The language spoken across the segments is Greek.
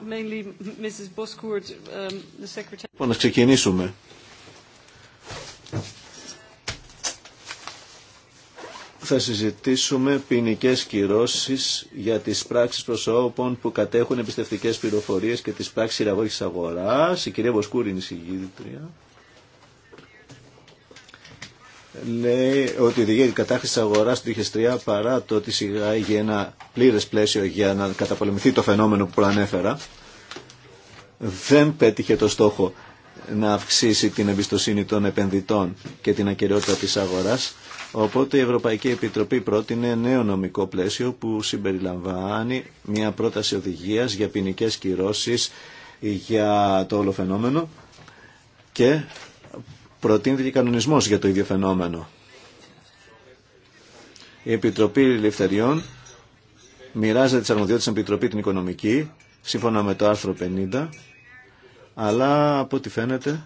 Um, λοιπόν, να ξεκινήσουμε. Θα συζητήσουμε ποινικέ κυρώσει για τι πράξει προσώπων που κατέχουν εμπιστευτικέ πληροφορίε και τι πράξει χειραγώγηση αγορά. Η κυρία Βοσκούρη είναι η λέει ότι οδηγεί η κατάχρηση της αγοράς του 2003 παρά το ότι σιγάγει ένα πλήρες πλαίσιο για να καταπολεμηθεί το φαινόμενο που προανέφερα δεν πέτυχε το στόχο να αυξήσει την εμπιστοσύνη των επενδυτών και την ακεραιότητα της αγοράς. Οπότε η Ευρωπαϊκή Επιτροπή πρότεινε νέο νομικό πλαίσιο που συμπεριλαμβάνει μια πρόταση οδηγίας για ποινικέ κυρώσεις για το όλο φαινόμενο και προτείνεται και κανονισμό για το ίδιο φαινόμενο. Η Επιτροπή Ελευθεριών μοιράζεται τι αρμοδιότητες στην Επιτροπή την Οικονομική, σύμφωνα με το άρθρο 50, αλλά από ό,τι φαίνεται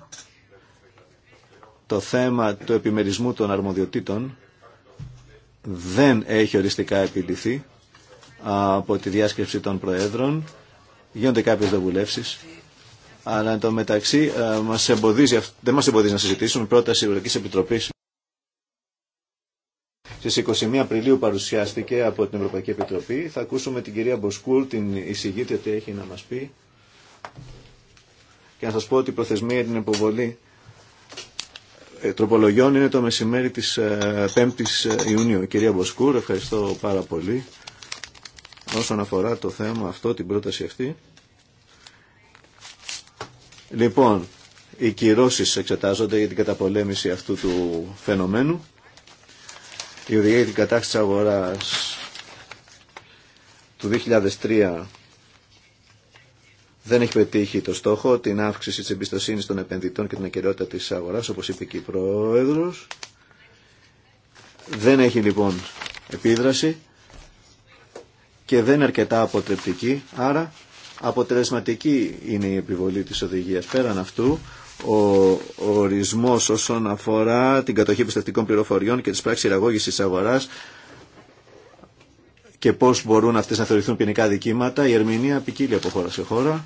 το θέμα του επιμερισμού των αρμοδιοτήτων δεν έχει οριστικά επιληθεί από τη διάσκεψη των Προέδρων. Γίνονται κάποιες διαβουλεύσεις αλλά εν τω μεταξύ ε, μας εμποδίζει, δεν μας εμποδίζει να συζητήσουμε πρόταση Ευρωπαϊκής Επιτροπής. Στις 21 Απριλίου παρουσιάστηκε από την Ευρωπαϊκή Επιτροπή. Θα ακούσουμε την κυρία Μποσκούρ την εισηγήτρια, τι έχει να μας πει. Και να σας πω ότι η προθεσμία για την υποβολή ε, τροπολογιών είναι το μεσημέρι της 5ης ε, Ιουνίου. Κυρία Μποσκούρ, ευχαριστώ πάρα πολύ όσον αφορά το θέμα αυτό, την πρόταση αυτή. Λοιπόν, οι κυρώσεις εξετάζονται για την καταπολέμηση αυτού του φαινομένου. Η οδηγία για την τη αγοράς του 2003 δεν έχει πετύχει το στόχο, την αύξηση της εμπιστοσύνης των επενδυτών και την ακεραιότητα της αγοράς, όπως είπε και η Πρόεδρος. Δεν έχει λοιπόν επίδραση και δεν είναι αρκετά αποτρεπτική, άρα Αποτελεσματική είναι η επιβολή της οδηγίας. Πέραν αυτού, ο ορισμός όσον αφορά την κατοχή πιστωτικών πληροφοριών και τις πράξεις της αγοράς και πώς μπορούν αυτές να θεωρηθούν ποινικά δικήματα, η ερμηνεία ποικίλει από χώρα σε χώρα.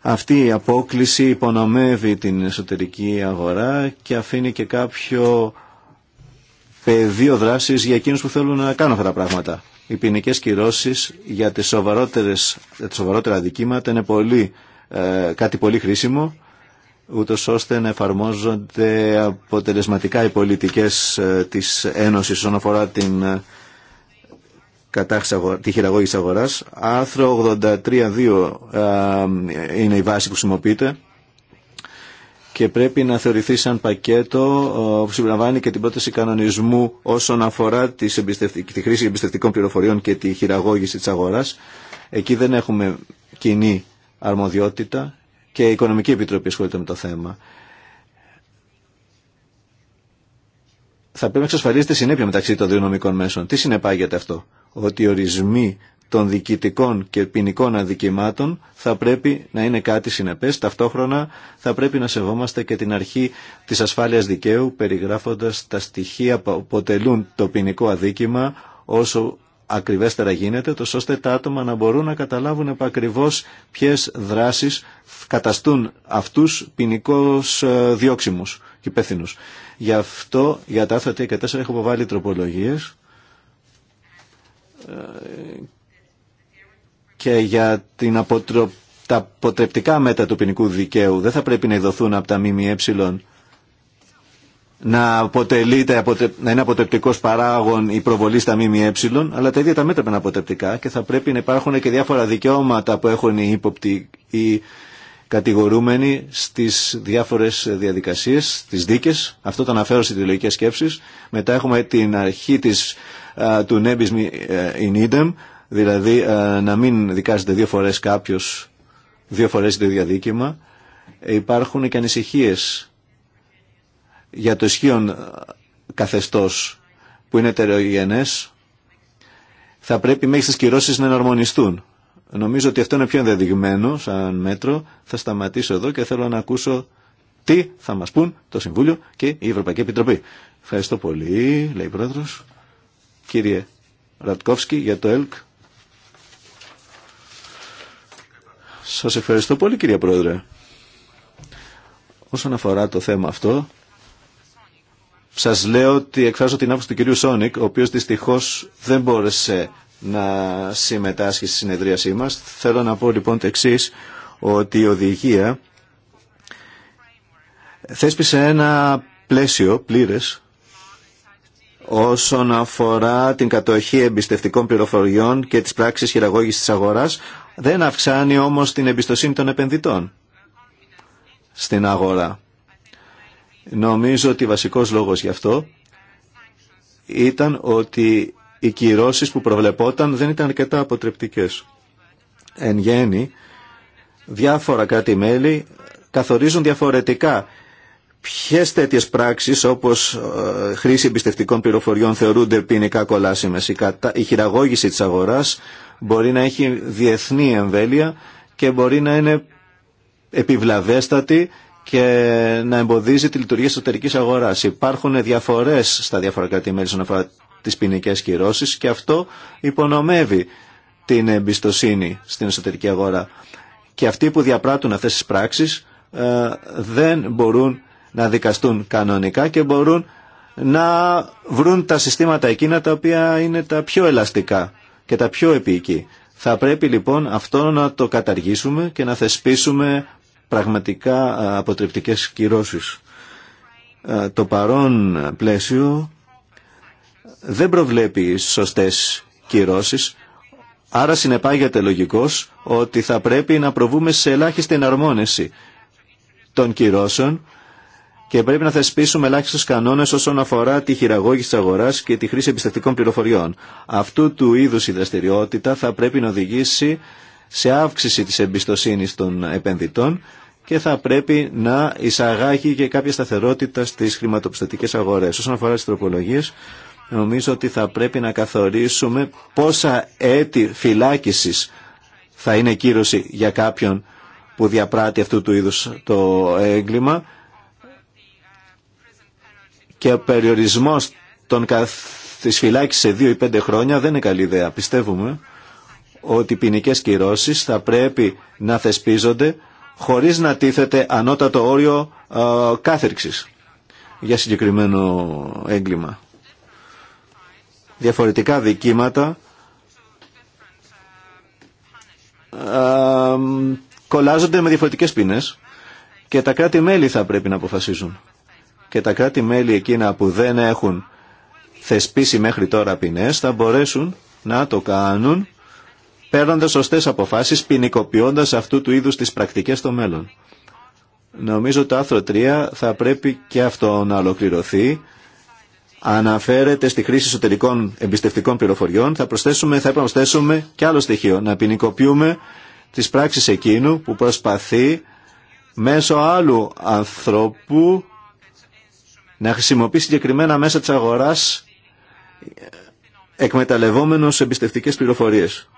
Αυτή η απόκληση υπονομεύει την εσωτερική αγορά και αφήνει και κάποιο πεδίο δράσης για εκείνους που θέλουν να κάνουν αυτά τα πράγματα. Οι ποινικέ κυρώσεις για τις σοβαρότερες, τις σοβαρότερα αδικήματα είναι πολύ, ε, κάτι πολύ χρήσιμο ούτω ώστε να εφαρμόζονται αποτελεσματικά οι πολιτικές ε, της Ένωσης όσον αφορά την ε, τη χειραγώγηση αγοράς. Άρθρο 83.2 είναι η βάση που χρησιμοποιείται και πρέπει να θεωρηθεί σαν πακέτο που συμπεριλαμβάνει και την πρόταση κανονισμού όσον αφορά τη χρήση εμπιστευτικών πληροφοριών και τη χειραγώγηση της αγοράς. Εκεί δεν έχουμε κοινή αρμοδιότητα και η Οικονομική Επιτροπή ασχολείται με το θέμα. Θα πρέπει να εξασφαλίζεται συνέπεια μεταξύ των δύο νομικών μέσων. Τι συνεπάγεται αυτό, ότι οι ορισμοί των διοικητικών και ποινικών αδικημάτων θα πρέπει να είναι κάτι συνεπές. Ταυτόχρονα θα πρέπει να σεβόμαστε και την αρχή της ασφάλειας δικαίου περιγράφοντας τα στοιχεία που αποτελούν το ποινικό αδίκημα όσο ακριβέστερα γίνεται, τόσο ώστε τα άτομα να μπορούν να καταλάβουν επακριβώς ποιες δράσεις καταστούν αυτούς ποινικώ ε, διώξιμους και υπεύθυνου. Γι' αυτό για τα άρθρα και 4 έχω αποβάλει τροπολογίες ε, και για την τα αποτρεπτικά μέτρα του ποινικού δικαίου δεν θα πρέπει να ειδωθούν από τα ΜΜΕ να, αποτελείται, να είναι αποτρεπτικό παράγον η προβολή στα ΜΜΕ, αλλά τα ίδια τα μέτρα είναι αποτρεπτικά και θα πρέπει να υπάρχουν και διάφορα δικαιώματα που έχουν οι ύποπτοι ή κατηγορούμενοι στι διάφορε διαδικασίε, στι δίκε. Αυτό το αναφέρω στι ιδεολογικέ σκέψει. Μετά έχουμε την αρχή της, του Nebis ε, in idem, δηλαδή ε, να μην δικάζεται δύο φορές κάποιος, δύο φορές το ίδιο ε, υπάρχουν και ανησυχίες για το ισχύον ε, καθεστώς που είναι τερογενές, θα πρέπει μέχρι τις κυρώσεις να εναρμονιστούν. Νομίζω ότι αυτό είναι πιο ενδεδειγμένο σαν μέτρο. Θα σταματήσω εδώ και θέλω να ακούσω τι θα μας πούν το Συμβούλιο και η Ευρωπαϊκή Επιτροπή. Ευχαριστώ πολύ, λέει ο Πρόεδρος. Κύριε Ρατκόφσκι για το ΕΛΚ. Σας ευχαριστώ πολύ κυρία Πρόεδρε. Όσον αφορά το θέμα αυτό, σας λέω ότι εκφράζω την άποψη του κυρίου Σόνικ, ο οποίος δυστυχώς δεν μπόρεσε να συμμετάσχει στη συνεδρίασή μας. Θέλω να πω λοιπόν το εξή ότι η οδηγία θέσπισε ένα πλαίσιο πλήρες όσον αφορά την κατοχή εμπιστευτικών πληροφοριών και τις πράξεις χειραγώγησης της αγοράς, δεν αυξάνει όμως την εμπιστοσύνη των επενδυτών στην αγορά. Νομίζω ότι βασικός λόγος γι' αυτό ήταν ότι οι κυρώσεις που προβλεπόταν δεν ήταν αρκετά αποτρεπτικές. Εν γέννη, διάφορα κάτι μέλη καθορίζουν διαφορετικά Ποιε τέτοιε πράξει όπω ε, χρήση εμπιστευτικών πληροφοριών θεωρούνται ποινικά κολάσιμε. Η χειραγώγηση τη αγορά μπορεί να έχει διεθνή εμβέλεια και μπορεί να είναι επιβλαβέστατη και να εμποδίζει τη λειτουργία εσωτερική αγορά. Υπάρχουν διαφορέ στα διάφορα κράτη-μέλη όσον αφορά τι ποινικέ κυρώσει και αυτό υπονομεύει την εμπιστοσύνη στην εσωτερική αγορά. Και αυτοί που διαπράττουν αυτέ τι πράξει ε, δεν μπορούν να δικαστούν κανονικά και μπορούν να βρουν τα συστήματα εκείνα τα οποία είναι τα πιο ελαστικά και τα πιο επίκη. Θα πρέπει λοιπόν αυτό να το καταργήσουμε και να θεσπίσουμε πραγματικά αποτρεπτικές κυρώσεις. Το παρόν πλαίσιο δεν προβλέπει σωστές κυρώσεις, άρα συνεπάγεται λογικός ότι θα πρέπει να προβούμε σε ελάχιστη εναρμόνεση των κυρώσεων και πρέπει να θεσπίσουμε ελάχιστου κανόνε όσον αφορά τη χειραγώγηση τη αγορά και τη χρήση εμπιστευτικών πληροφοριών. Αυτού του είδου η δραστηριότητα θα πρέπει να οδηγήσει σε αύξηση τη εμπιστοσύνη των επενδυτών και θα πρέπει να εισαγάγει και κάποια σταθερότητα στι χρηματοπιστωτικέ αγορέ. Όσον αφορά τι τροπολογίε, νομίζω ότι θα πρέπει να καθορίσουμε πόσα έτη φυλάκιση θα είναι κύρωση για κάποιον που διαπράττει αυτού του είδους το έγκλημα και περιορισμός των της σε δύο ή πέντε χρόνια δεν είναι καλή ιδέα. Πιστεύουμε ότι οι ποινικέ κυρώσεις θα πρέπει να θεσπίζονται χωρίς να τίθεται ανώτατο όριο ε, για συγκεκριμένο έγκλημα. Διαφορετικά δικήματα ε, κολλάζονται με διαφορετικές ποινές και τα κράτη-μέλη θα πρέπει να αποφασίζουν και τα κράτη-μέλη εκείνα που δεν έχουν θεσπίσει μέχρι τώρα ποινές θα μπορέσουν να το κάνουν παίρνοντας σωστές αποφάσεις, ποινικοποιώντα αυτού του είδους τις πρακτικές στο μέλλον. Νομίζω το άρθρο 3 θα πρέπει και αυτό να ολοκληρωθεί. Αναφέρεται στη χρήση εσωτερικών εμπιστευτικών πληροφοριών. Θα προσθέσουμε, θα προσθέσουμε και άλλο στοιχείο. Να ποινικοποιούμε τις πράξεις εκείνου που προσπαθεί μέσω άλλου ανθρώπου να χρησιμοποιεί συγκεκριμένα μέσα της αγοράς εκμεταλλευόμενος εμπιστευτικές πληροφορίες.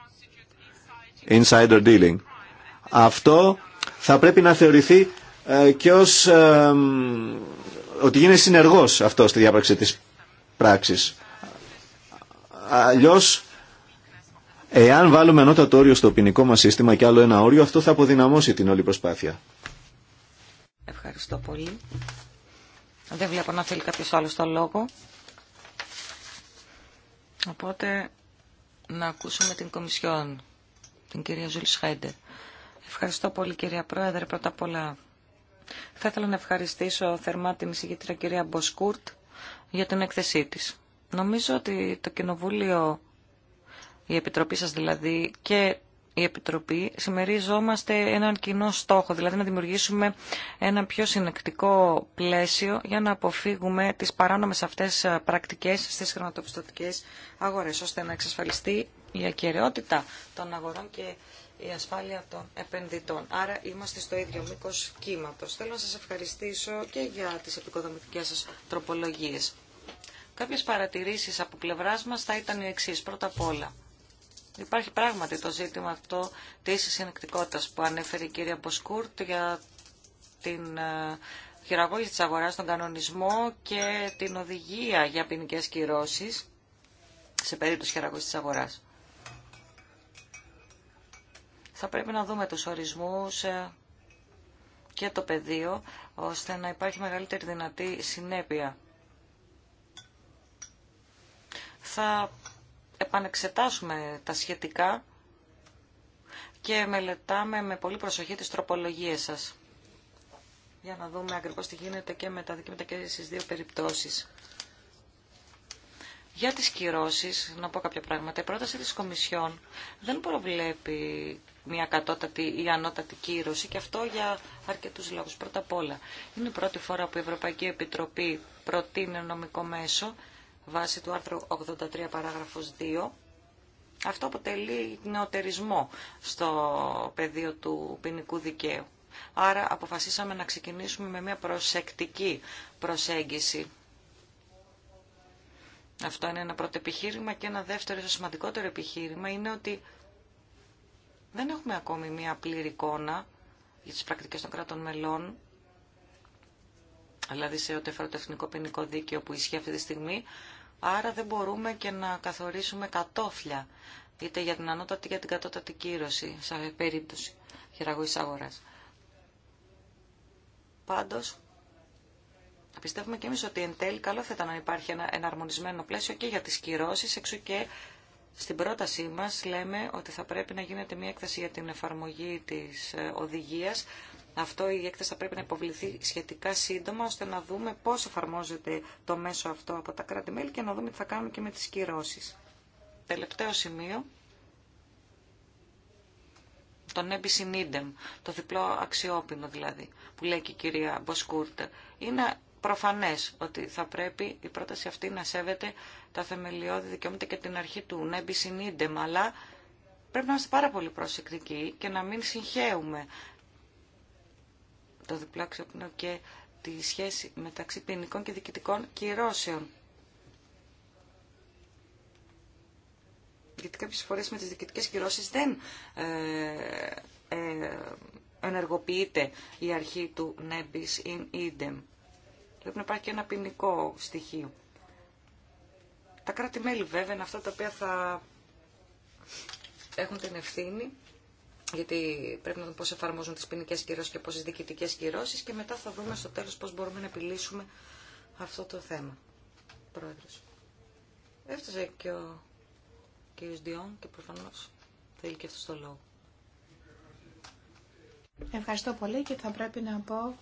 Insider dealing. Αυτό θα πρέπει να θεωρηθεί ε, και ως ε, ότι γίνεται συνεργός αυτό στη διάπραξη της πράξης. Αλλιώς, εάν βάλουμε ανώτατο όριο στο ποινικό μας σύστημα και άλλο ένα όριο, αυτό θα αποδυναμώσει την όλη προσπάθεια. Ευχαριστώ πολύ. Δεν βλέπω να θέλει κάποιος άλλος το λόγο. Οπότε να ακούσουμε την Κομισιόν, την κυρία Ζουλ Σχέντερ. Ευχαριστώ πολύ κυρία Πρόεδρε. Πρώτα απ' όλα θα ήθελα να ευχαριστήσω θερμά την εισηγήτρια κυρία Μποσκούρτ για την έκθεσή της. Νομίζω ότι το Κοινοβούλιο, η Επιτροπή σας δηλαδή και η Επιτροπή συμμερίζομαστε έναν κοινό στόχο, δηλαδή να δημιουργήσουμε ένα πιο συνεκτικό πλαίσιο για να αποφύγουμε τις παράνομες αυτές πρακτικές στις χρηματοπιστωτικές αγορές, ώστε να εξασφαλιστεί η ακαιρεότητα των αγορών και η ασφάλεια των επενδυτών. Άρα είμαστε στο ίδιο μήκο κύματο. Θέλω να σα ευχαριστήσω και για τι επικοδομητικέ σα τροπολογίε. Κάποιε παρατηρήσει από πλευρά μα θα ήταν οι εξή. Πρώτα απ' όλα, Υπάρχει πράγματι το ζήτημα αυτό της συνεκτικότητας που ανέφερε η κυρία Μποσκούρτ για την ε, χειραγώγηση της αγοράς, τον κανονισμό και την οδηγία για ποινικέ κυρώσεις σε περίπτωση χειραγώγησης της αγοράς. Θα πρέπει να δούμε τους ορισμούς ε, και το πεδίο, ώστε να υπάρχει μεγαλύτερη δυνατή συνέπεια. Θα επανεξετάσουμε τα σχετικά και μελετάμε με πολύ προσοχή τις τροπολογίες σας. Για να δούμε ακριβώς τι γίνεται και με τα δικαιώματα και στις δύο περιπτώσεις. Για τις κυρώσεις, να πω κάποια πράγματα, η πρόταση της Κομισιόν δεν προβλέπει μια κατώτατη ή ανώτατη κύρωση και αυτό για αρκετούς λόγους. Πρώτα απ' όλα, είναι η πρώτη φορά που η Ευρωπαϊκή Επιτροπή προτείνει νομικό μέσο βάσει του άρθρου 83 παράγραφος 2. Αυτό αποτελεί νεοτερισμό στο πεδίο του ποινικού δικαίου. Άρα αποφασίσαμε να ξεκινήσουμε με μια προσεκτική προσέγγιση. Αυτό είναι ένα πρώτο επιχείρημα και ένα δεύτερο, ένα σημαντικότερο επιχείρημα είναι ότι δεν έχουμε ακόμη μια πλήρη εικόνα για τις πρακτικές των κρατών μελών, δηλαδή σε ό,τι αφορά το εθνικό ποινικό δίκαιο που ισχύει αυτή τη στιγμή, Άρα δεν μπορούμε και να καθορίσουμε κατόφλια, είτε για την ανώτατη για την κατώτατη κύρωση, σε περίπτωση χειραγωγής αγοράς. Πάντως, πιστεύουμε και εμείς ότι εν τέλει καλό θα ήταν να υπάρχει ένα εναρμονισμένο πλαίσιο και για τις κυρώσεις, έξω και στην πρότασή μας λέμε ότι θα πρέπει να γίνεται μια έκθεση για την εφαρμογή της ε, οδηγίας αυτό η έκθεση θα πρέπει να υποβληθεί σχετικά σύντομα, ώστε να δούμε πώ εφαρμόζεται το μέσο αυτό από τα κράτη-μέλη και να δούμε τι θα κάνουμε και με τι κυρώσει. Τελευταίο σημείο, το νέμπι νίντεμ, το διπλό αξιόπινο δηλαδή, που λέει και η κυρία Μποσκούρτ. Είναι προφανές ότι θα πρέπει η πρόταση αυτή να σέβεται τα θεμελιώδη δικαιώματα και την αρχή του νέμπι νίντεμ, αλλά πρέπει να είμαστε πάρα πολύ προσεκτικοί και να μην συγχαίουμε το διπλάξιο πνεύμα και τη σχέση μεταξύ ποινικών και διοικητικών κυρώσεων. Γιατί κάποιες φορές με τις διοικητικές κυρώσεις δεν ε, ε, ενεργοποιείται η αρχή του νέμπις in idem. Πρέπει να υπάρχει και ένα ποινικό στοιχείο. Τα κράτη-μέλη βέβαια είναι αυτά τα οποία θα έχουν την ευθύνη γιατί πρέπει να δούμε πώς εφαρμόζουν τις ποινικές κυρώσεις και πόσες διοικητικές κυρώσεις και μετά θα δούμε στο τέλος πώς μπορούμε να επιλύσουμε αυτό το θέμα. Πρόεδρος. Έφτασε και ο κ. Διόν και προφανώς θέλει και αυτό το λόγο. Ευχαριστώ πολύ και θα πρέπει να πω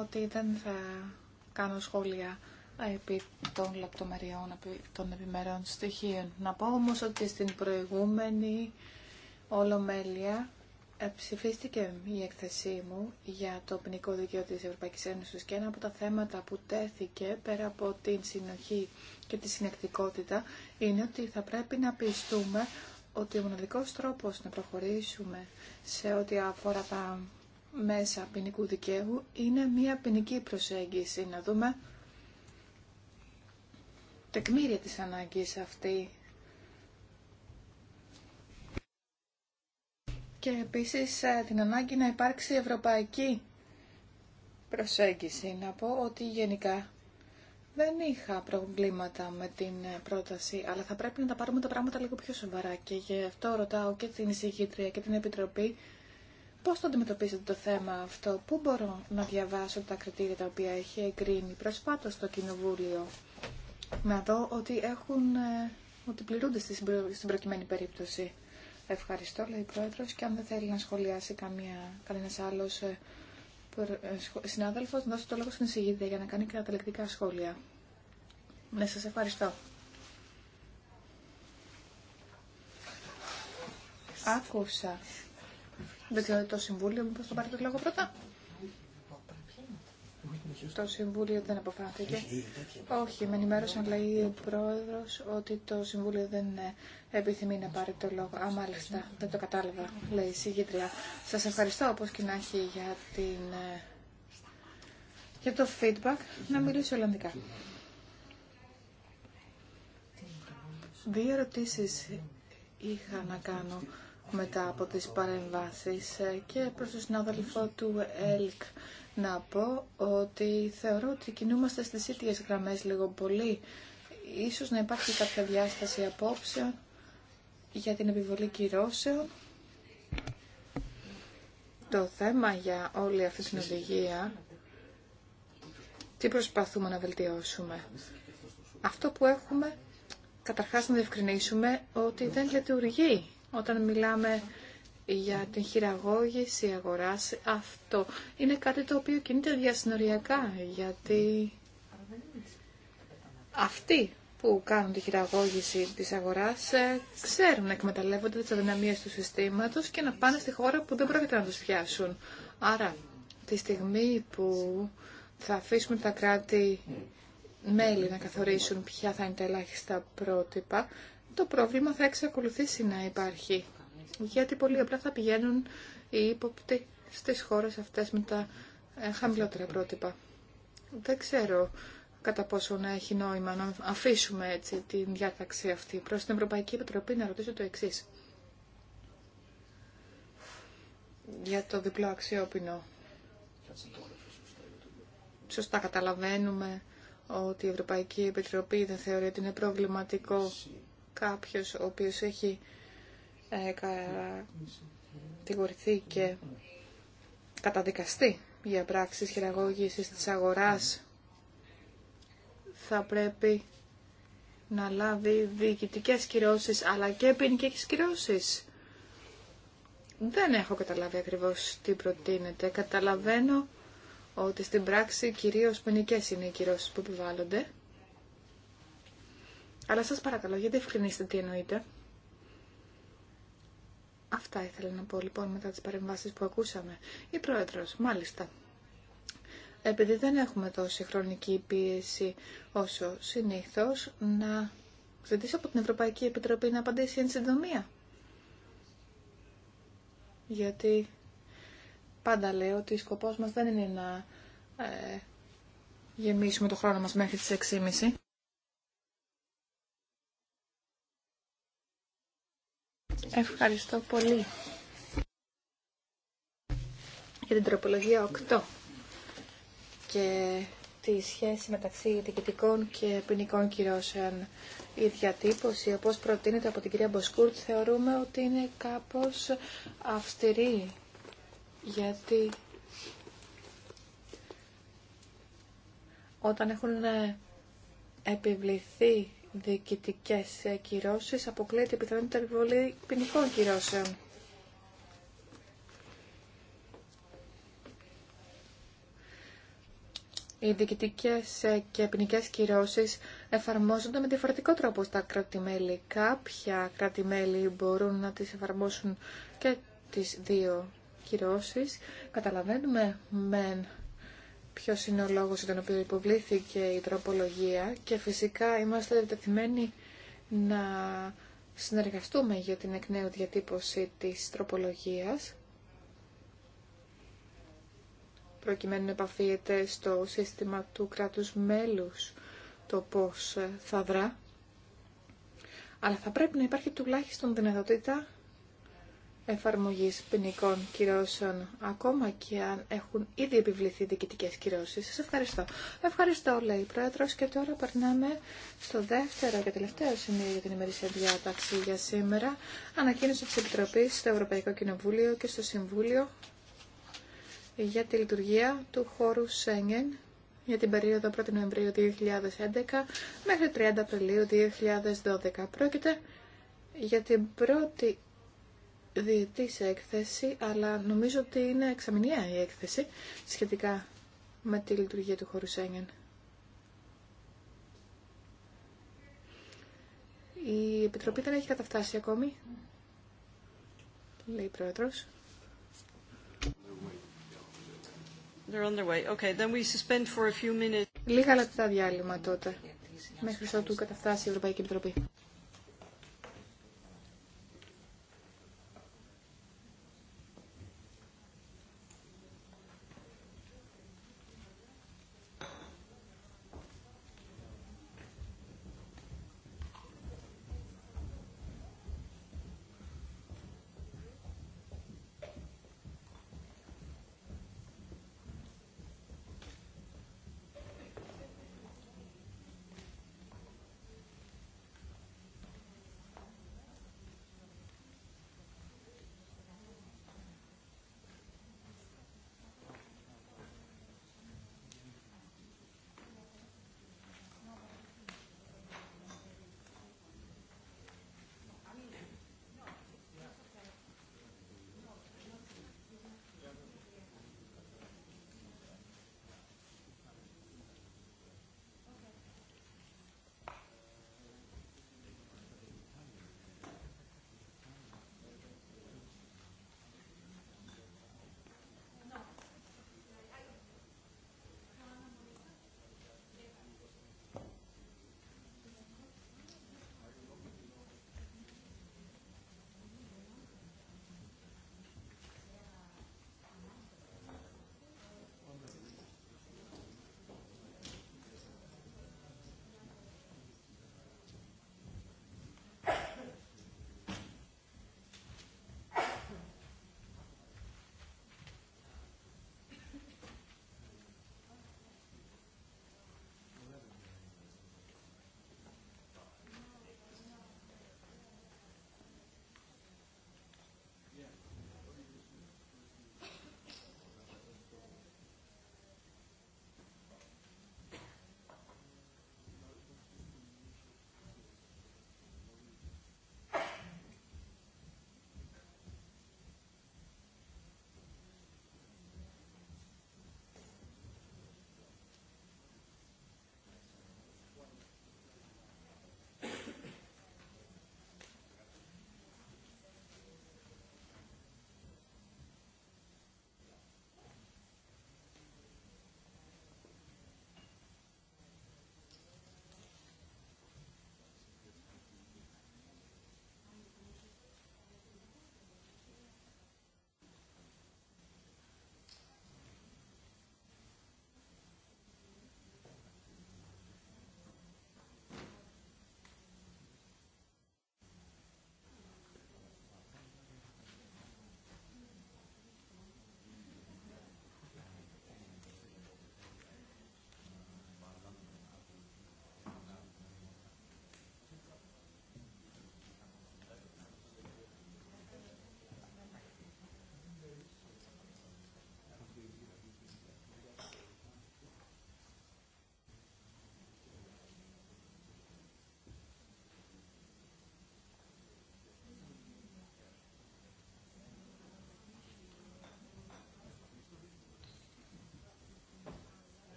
ότι δεν θα κάνω σχόλια επί των λεπτομεριών, επί των επιμερών στοιχείων. Να πω όμως ότι στην προηγούμενη Ολομέλεια ε, ψηφίστηκε η έκθεσή μου για το ποινικό δικαίωμα της Ευρωπαϊκής Ένωσης και ένα από τα θέματα που τέθηκε πέρα από την συνοχή και τη συνεκτικότητα είναι ότι θα πρέπει να πιστούμε ότι ο μοναδικός τρόπος να προχωρήσουμε σε ό,τι αφορά τα μέσα ποινικού δικαίου είναι μια ποινική προσέγγιση, να δούμε τεκμήρια της ανάγκης αυτή και επίσης ε, την ανάγκη να υπάρξει ευρωπαϊκή προσέγγιση. Να πω ότι γενικά δεν είχα προβλήματα με την ε, πρόταση, αλλά θα πρέπει να τα πάρουμε τα πράγματα λίγο πιο σοβαρά και γι' αυτό ρωτάω και την εισηγήτρια και την Επιτροπή πώς θα αντιμετωπίσετε το θέμα αυτό, πού μπορώ να διαβάσω τα κριτήρια τα οποία έχει εγκρίνει προσφάτως το Κοινοβούλιο, να δω ότι, έχουν, ε, ότι πληρούνται στην προκειμένη περίπτωση. Ευχαριστώ, λέει η Πρόεδρος, και αν δεν θέλει να σχολιάσει καμία, κανένας άλλος ε, ε, συνάδελφος, να δώσω το λόγο στην εισηγήτρια για να κάνει καταληκτικά σχόλια. Ναι, σας ευχαριστώ. Άκουσα. Δεν ξέρω το συμβούλιο, μήπως θα πάρει το λόγο πρώτα. Το Συμβούλιο δεν αποφάθηκε. Όχι, με ενημέρωσαν, λέει ο Πρόεδρο, ότι το Συμβούλιο δεν ε, επιθυμεί να πάρει το λόγο. Α, μάλιστα, δεν το κατάλαβα, λέει η συγγήτρια. Σα ευχαριστώ, όπω και να έχει, για, την... Ε, για το feedback. Να μιλήσω Ολλανδικά. Δύο ερωτήσει είχα να κάνω μετά από τις παρεμβάσεις ε, και προς τον συνάδελφο του ΕΛΚ να πω ότι θεωρώ ότι κινούμαστε στις ίδιες γραμμές λίγο πολύ. Ίσως να υπάρχει κάποια διάσταση απόψε για την επιβολή κυρώσεων. Το θέμα για όλη αυτή την οδηγία, τι προσπαθούμε να βελτιώσουμε. Αυτό που έχουμε, καταρχάς να διευκρινίσουμε ότι δεν λειτουργεί όταν μιλάμε για την χειραγώγηση αγοράς, αυτό είναι κάτι το οποίο κινείται διασυνοριακά, γιατί αυτοί που κάνουν τη χειραγώγηση της αγοράς ε, ξέρουν να εκμεταλλεύονται τις αδυναμίες του συστήματος και να πάνε στη χώρα που δεν πρόκειται να τους πιάσουν. Άρα, τη στιγμή που θα αφήσουμε τα κράτη μέλη να καθορίσουν ποια θα είναι τα ελάχιστα πρότυπα, το πρόβλημα θα εξακολουθήσει να υπάρχει. Γιατί πολύ απλά θα πηγαίνουν οι ύποπτοι στις χώρες αυτές με τα ε, χαμηλότερα πρότυπα. Δεν ξέρω κατά πόσο να έχει νόημα να αφήσουμε έτσι την διάταξη αυτή. Προς την Ευρωπαϊκή Επιτροπή να ρωτήσω το εξή. Για το διπλό αξιόπινο. Σωστά καταλαβαίνουμε ότι η Ευρωπαϊκή Επιτροπή δεν θεωρεί ότι είναι προβληματικό κάποιος ο οποίος έχει ε, κατηγορηθεί και καταδικαστεί για πράξεις χειραγώγησης της αγοράς θα πρέπει να λάβει διοικητικές κυρώσεις αλλά και ποινικές κυρώσεις. Δεν έχω καταλάβει ακριβώς τι προτείνεται. Καταλαβαίνω ότι στην πράξη κυρίως ποινικές είναι οι κυρώσεις που επιβάλλονται. Αλλά σας παρακαλώ, γιατί ευκρινίστε τι εννοείτε. Αυτά ήθελα να πω λοιπόν μετά τις παρεμβάσεις που ακούσαμε. Η Πρόεδρος, μάλιστα. Επειδή δεν έχουμε τόση χρονική πίεση όσο συνήθως, να ζητήσω από την Ευρωπαϊκή Επιτροπή να απαντήσει εν συντομία. Γιατί πάντα λέω ότι σκοπός μας δεν είναι να ε, γεμίσουμε το χρόνο μας μέχρι τις 6.30. Ευχαριστώ πολύ για την τροπολογία 8 και τη σχέση μεταξύ διοικητικών και ποινικών κυρώσεων. Η διατύπωση, όπως προτείνεται από την κυρία Μποσκούρτ, θεωρούμε ότι είναι κάπως αυστηρή, γιατί όταν έχουν επιβληθεί διοικητικέ ε, κυρώσει αποκλείεται η πιθανότητα επιβολή ποινικών κυρώσεων. Οι διοικητικέ ε, και ποινικέ κυρώσει εφαρμόζονται με διαφορετικό τρόπο στα κράτη-μέλη. Κάποια κράτη-μέλη μπορούν να τις εφαρμόσουν και τις δύο κυρώσει. Καταλαβαίνουμε μεν ποιος είναι ο λόγος για τον οποίο υποβλήθηκε η τροπολογία και φυσικά είμαστε διατεθειμένοι να συνεργαστούμε για την εκ νέου διατύπωση της τροπολογίας προκειμένου να επαφείεται στο σύστημα του κράτους μέλους το πώς θα δρά. Αλλά θα πρέπει να υπάρχει τουλάχιστον δυνατότητα εφαρμογής ποινικών κυρώσεων, ακόμα και αν έχουν ήδη επιβληθεί διοικητικές κυρώσεις. Σας ευχαριστώ. Ευχαριστώ, λέει η Πρόεδρος. Και τώρα περνάμε στο δεύτερο και τελευταίο σημείο για την ημερήσια διάταξη για σήμερα. Ανακοίνωση της Επιτροπής στο Ευρωπαϊκό Κοινοβούλιο και στο Συμβούλιο για τη λειτουργία του χώρου Σέγγεν για την περίοδο 1 1η Νοεμβρίου 2011 μέχρι 30 Απριλίου 2012. Πρόκειται για την πρώτη σε έκθεση, αλλά νομίζω ότι είναι εξαμηνία η έκθεση σχετικά με τη λειτουργία του χώρου Σέγγεν. Η Επιτροπή δεν έχει καταφτάσει ακόμη, λέει η Πρόεδρος. Λίγα λεπτά διάλειμμα τότε, μέχρι ότου καταφτάσει η Ευρωπαϊκή Επιτροπή.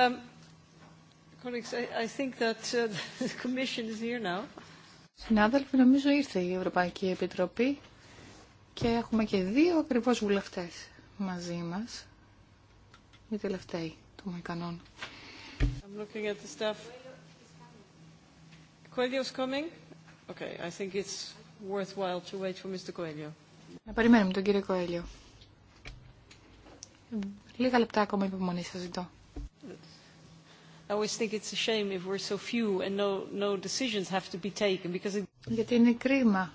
Um, colleagues, I think that uh, the Commission is here now. Συνάδελφοι, νομίζω ήρθε η Ευρωπαϊκή Επιτροπή και έχουμε και δύο ακριβώς βουλευτές μαζί μας. Οι τελευταίοι του Μαϊκανών. I'm looking at the staff. Coelho's coming? Okay, I think it's worthwhile to wait for Mr. Coelho. Να περιμένουμε τον κύριο Coelho. Λίγα λεπτά ακόμα υπομονή σας ζητώ. Γιατί είναι κρίμα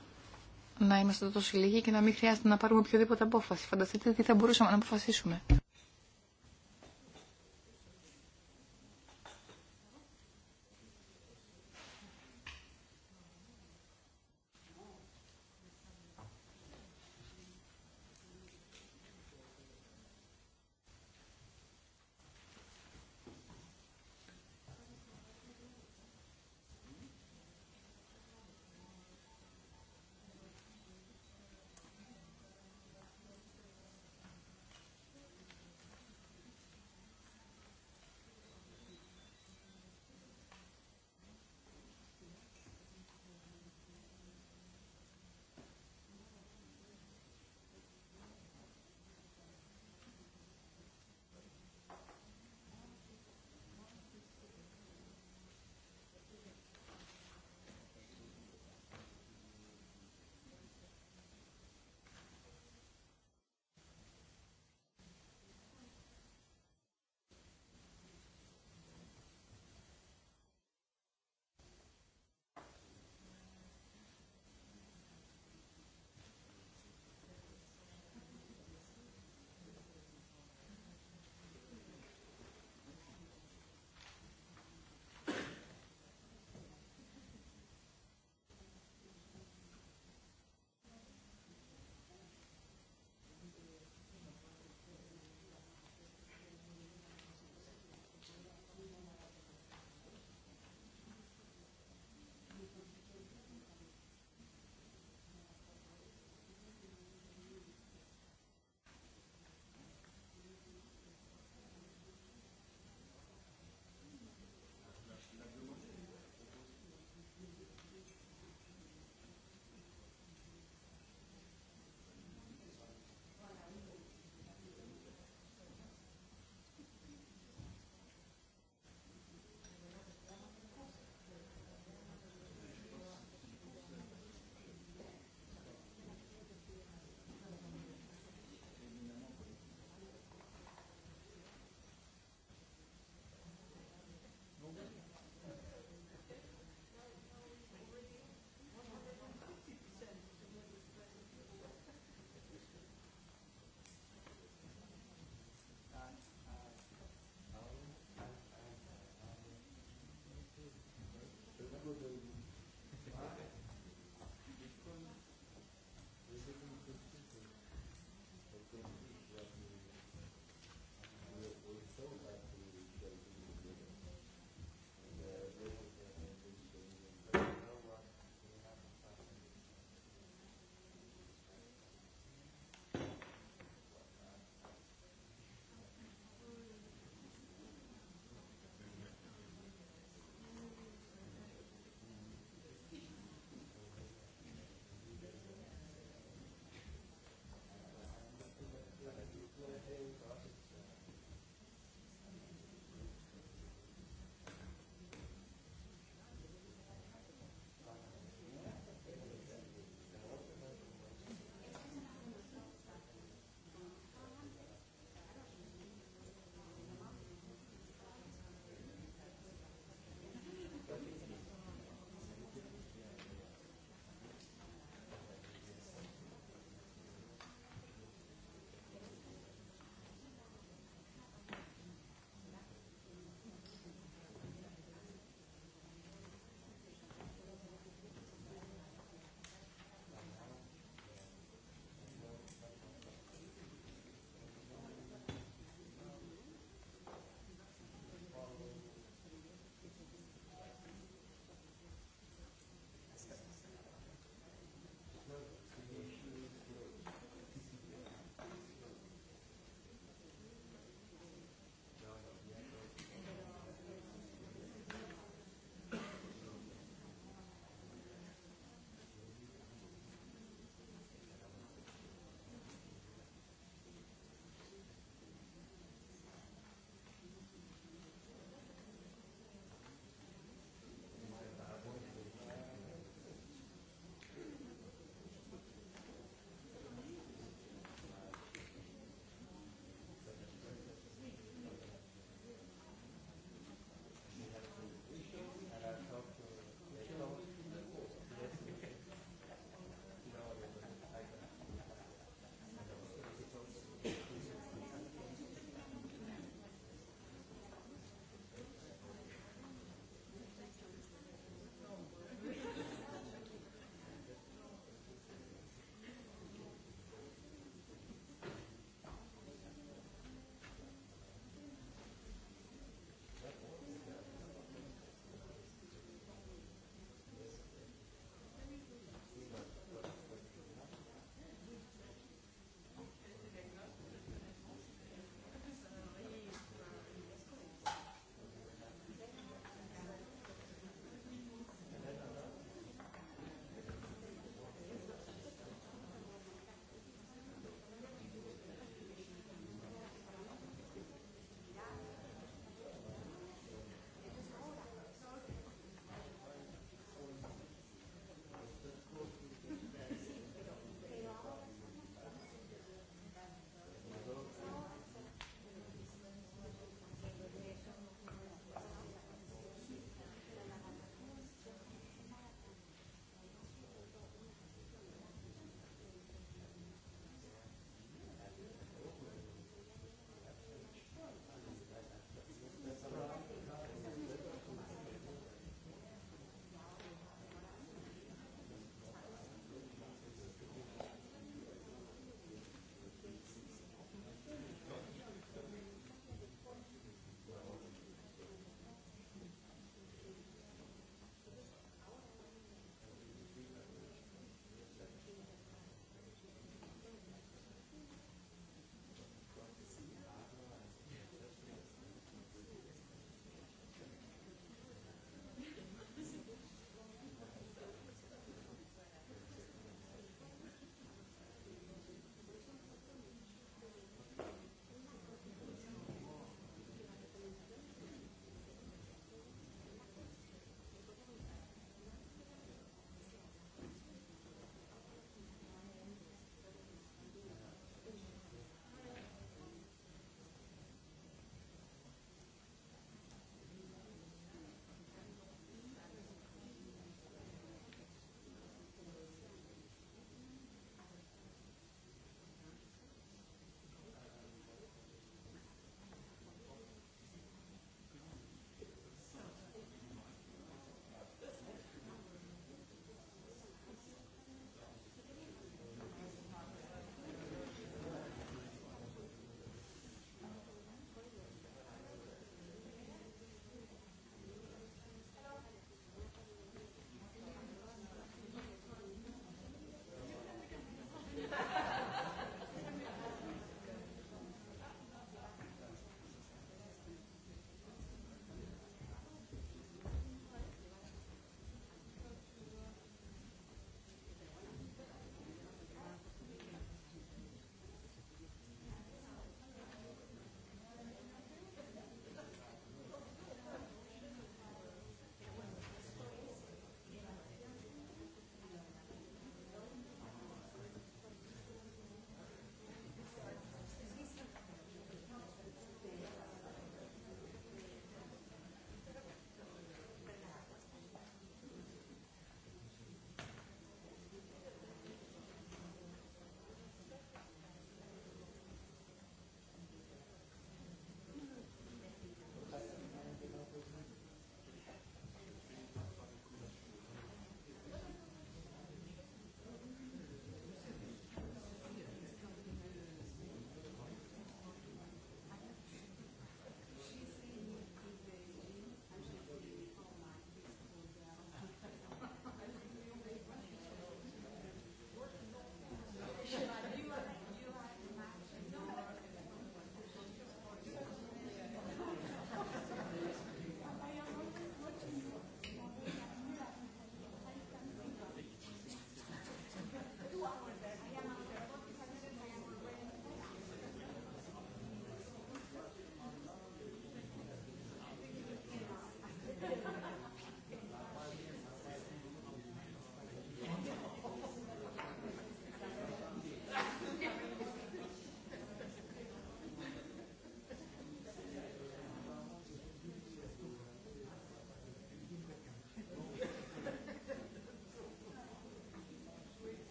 να είμαστε τόσο λίγοι και να μην χρειάζεται να πάρουμε οποιοδήποτε απόφαση. Φανταστείτε τι θα μπορούσαμε να αποφασίσουμε.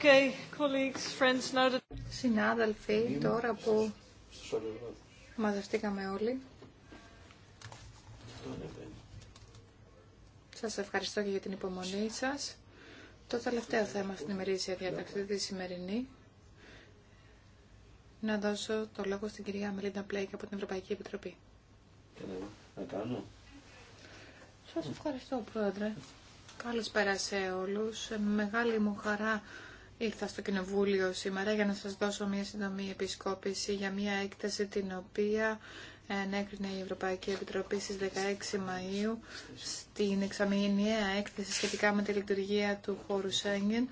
Okay, Συνάδελφοι, τώρα που μαζευτήκαμε όλοι, σας ευχαριστώ και για την υπομονή σας. Το τελευταίο θέμα στην ημερήσια διαταξή τη σημερινή, να δώσω το λόγο στην κυρία Μελίντα Πλέικ από την Ευρωπαϊκή Επιτροπή. Σα Σας ευχαριστώ, Πρόεδρε. Καλησπέρα σε όλους. μεγάλη μου χαρά Ήρθα στο Κοινοβούλιο σήμερα για να σας δώσω μια συντομή επισκόπηση για μια έκθεση την οποία ενέκρινε η Ευρωπαϊκή Επιτροπή στις 16 Μαΐου στην εξαμηνιαία έκθεση σχετικά με τη λειτουργία του χώρου Σέγγεν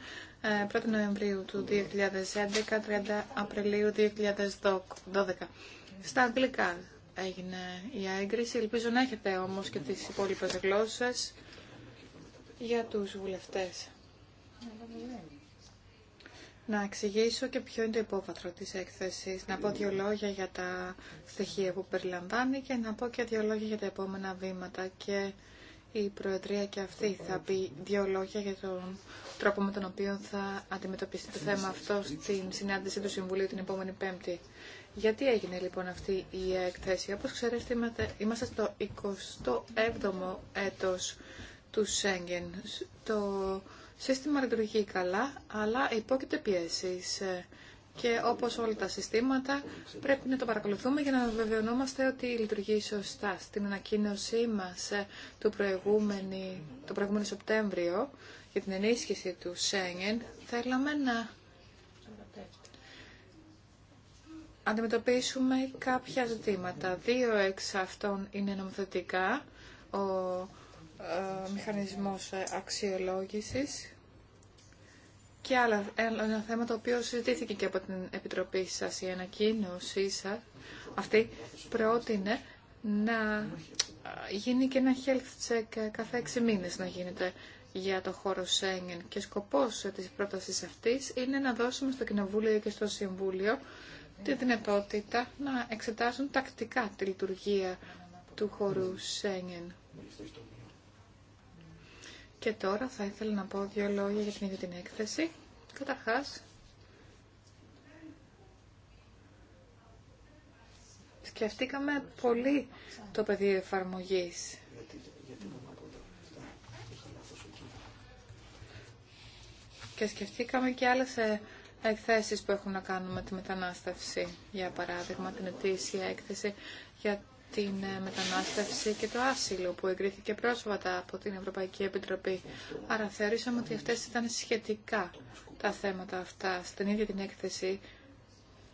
1 ε, Νοεμβρίου του 2011, 30 Απριλίου 2012. Στα αγγλικά έγινε η έγκριση. Ελπίζω να έχετε όμως και τις υπόλοιπες γλώσσες για τους βουλευτές να εξηγήσω και ποιο είναι το υπόβαθρο της έκθεσης, να πω δύο λόγια για τα στοιχεία που περιλαμβάνει και να πω και δύο λόγια για τα επόμενα βήματα και η Προεδρία και αυτή θα πει δύο λόγια για τον τρόπο με τον οποίο θα αντιμετωπίσει το θέμα αυτό στην συνάντηση του Συμβουλίου την επόμενη Πέμπτη. Γιατί έγινε λοιπόν αυτή η εκθέση. Όπως ξέρετε είμαστε στο 27ο έτος του Σέγγεν. Το σύστημα λειτουργεί καλά, αλλά υπόκειται πιέσει. Ε, και όπως όλα τα συστήματα, πρέπει να το παρακολουθούμε για να βεβαιωνόμαστε ότι λειτουργεί σωστά. Στην ανακοίνωσή μας ε, το, το προηγούμενο Σεπτέμβριο για την ενίσχυση του Σέγγεν, θέλαμε να αντιμετωπίσουμε κάποια ζητήματα. Δύο εξ αυτών είναι νομοθετικά. Ε, μηχανισμός ε, αξιολόγησης και άλλα, ένα θέμα το οποίο συζητήθηκε και από την Επιτροπή σας, η ανακοίνωσή σας, αυτή πρότεινε να ε, γίνει και ένα health check κάθε έξι μήνες να γίνεται για το χώρο Σέγγεν και σκοπός της πρότασης αυτής είναι να δώσουμε στο Κοινοβούλιο και στο Συμβούλιο τη δυνατότητα να εξετάσουν τακτικά τη λειτουργία του χώρου Σέγγεν. Και τώρα θα ήθελα να πω δύο λόγια για την ίδια την έκθεση. Καταρχάς, σκεφτήκαμε πολύ το πεδίο εφαρμογής. Και σκεφτήκαμε και άλλες ε, εκθέσεις που έχουν να κάνουν με τη μετανάστευση. Για παράδειγμα, την ετήσια έκθεση για την ε, μετανάστευση και το άσυλο που εγκρίθηκε πρόσφατα από την Ευρωπαϊκή Επιτροπή. Άρα θεωρήσαμε ότι αυτές ήταν σχετικά τα θέματα αυτά. Στην ίδια την έκθεση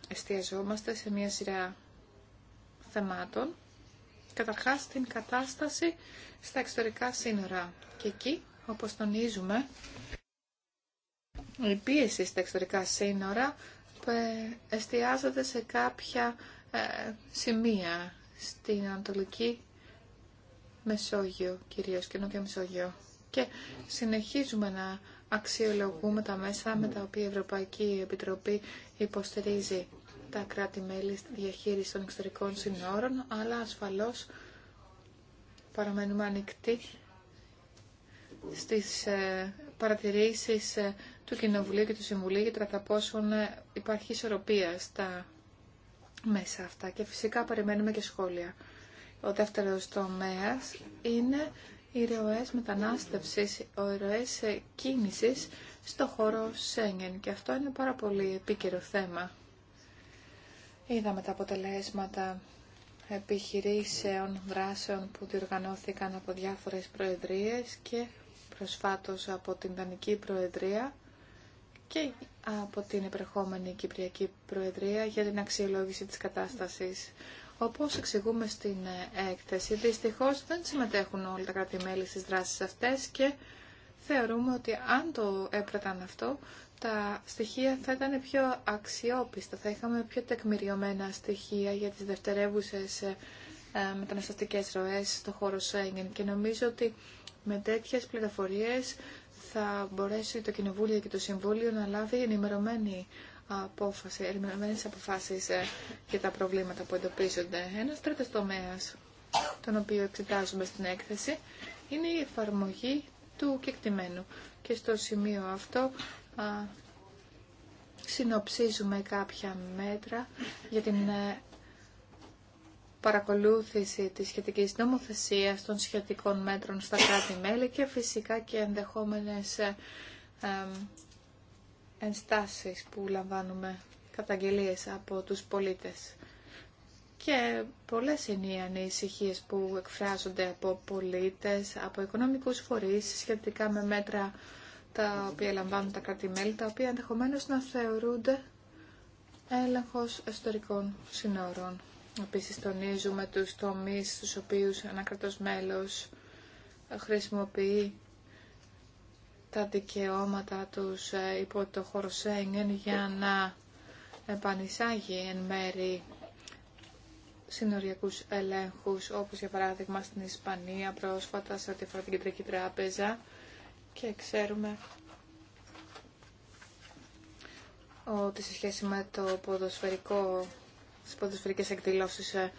εστιαζόμαστε σε μια σειρά θεμάτων. Καταρχάς την κατάσταση στα εξωτερικά σύνορα. Και εκεί, όπως τονίζουμε, η πίεση στα εξωτερικά σύνορα ε, εστιάζεται σε κάποια ε, σημεία στην Ανατολική Μεσόγειο, κυρίως και Νότια Μεσόγειο. Και συνεχίζουμε να αξιολογούμε τα μέσα με τα οποία η Ευρωπαϊκή Επιτροπή υποστηρίζει τα κράτη-μέλη στη διαχείριση των εξωτερικών συνόρων, αλλά ασφαλώς παραμένουμε ανοιχτοί στις ε, παρατηρήσεις ε, του Κοινοβουλίου και του Συμβουλίου για το κατά πόσον ε, υπάρχει ισορροπία στα μέσα αυτά και φυσικά περιμένουμε και σχόλια. Ο δεύτερος τομέας είναι οι ροές μετανάστευσης, οι ροές κίνησης στο χώρο Σέγγεν και αυτό είναι πάρα πολύ επίκαιρο θέμα. Είδαμε τα αποτελέσματα επιχειρήσεων, δράσεων που διοργανώθηκαν από διάφορες προεδρίες και προσφάτως από την Δανική Προεδρία και από την επερχόμενη Κυπριακή Προεδρία για την αξιολόγηση της κατάστασης. Όπως εξηγούμε στην έκθεση, δυστυχώς δεν συμμετέχουν όλα τα κράτη-μέλη στις δράσεις αυτές και θεωρούμε ότι αν το έπραταν αυτό, τα στοιχεία θα ήταν πιο αξιόπιστα, θα είχαμε πιο τεκμηριωμένα στοιχεία για τις δευτερεύουσες ε, ε, μεταναστευτικές ροές στο χώρο Σέγγεν και νομίζω ότι με τέτοιες πληροφορίες θα μπορέσει το Κοινοβούλιο και το Συμβούλιο να λάβει ενημερωμένη απόφαση, ενημερωμένες αποφάσεις ε, για τα προβλήματα που εντοπίζονται. Ένας τρίτος τομέας, τον οποίο εξετάζουμε στην έκθεση, είναι η εφαρμογή του κεκτημένου. Και στο σημείο αυτό συνοψίζουμε κάποια μέτρα για την ε, παρακολούθηση της σχετικής νομοθεσίας των σχετικών μέτρων στα κράτη-μέλη και φυσικά και ενδεχόμενες ε, ενστάσεις που λαμβάνουμε καταγγελίες από τους πολίτες. Και πολλές είναι οι ανησυχίε που εκφράζονται από πολίτες, από οικονομικούς φορείς σχετικά με μέτρα τα οποία λαμβάνουν τα κράτη-μέλη, τα οποία ενδεχομένως να θεωρούνται έλεγχος εσωτερικών συνόρων. Επίσης τονίζουμε τους τομείς στους οποίους ένα κρατός μέλος χρησιμοποιεί τα δικαιώματα τους ε, υπό το χώρο Σέγγεν για να επανεισάγει εν μέρη συνοριακούς ελέγχους, όπως για παράδειγμα στην Ισπανία πρόσφατα σε ό,τι αφορά την Κεντρική Τράπεζα και ξέρουμε ότι σε σχέση με το ποδοσφαιρικό στις ποδοσφαιρικές εκδηλώσεις ε,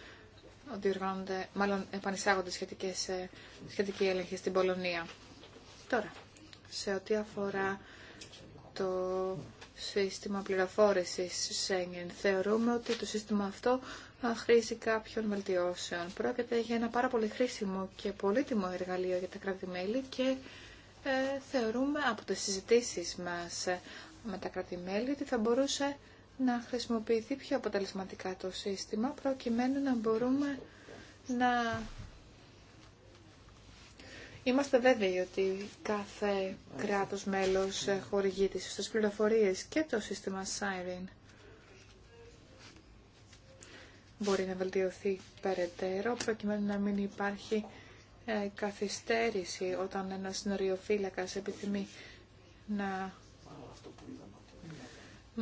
ότι οργανώνονται, μάλλον επανεισάγονται σχετικές, ε, σχετικοί έλεγχοι στην Πολωνία. Τώρα, σε ό,τι αφορά το σύστημα πληροφόρησης Schengen, θεωρούμε ότι το σύστημα αυτό ε, χρήση κάποιων βελτιώσεων. Πρόκειται για ένα πάρα πολύ χρήσιμο και πολύτιμο εργαλείο για τα κράτη-μέλη και ε, θεωρούμε από τις συζητήσεις μας με τα κράτη-μέλη ότι θα μπορούσε να χρησιμοποιηθεί πιο αποτελεσματικά το σύστημα προκειμένου να μπορούμε να είμαστε βέβαιοι ότι κάθε κράτος μέλος χορηγεί τις πληροφορίες και το σύστημα Siren μπορεί να βελτιωθεί περαιτέρω προκειμένου να μην υπάρχει ε, καθυστέρηση όταν ένας νοριοφύλακας επιθυμεί να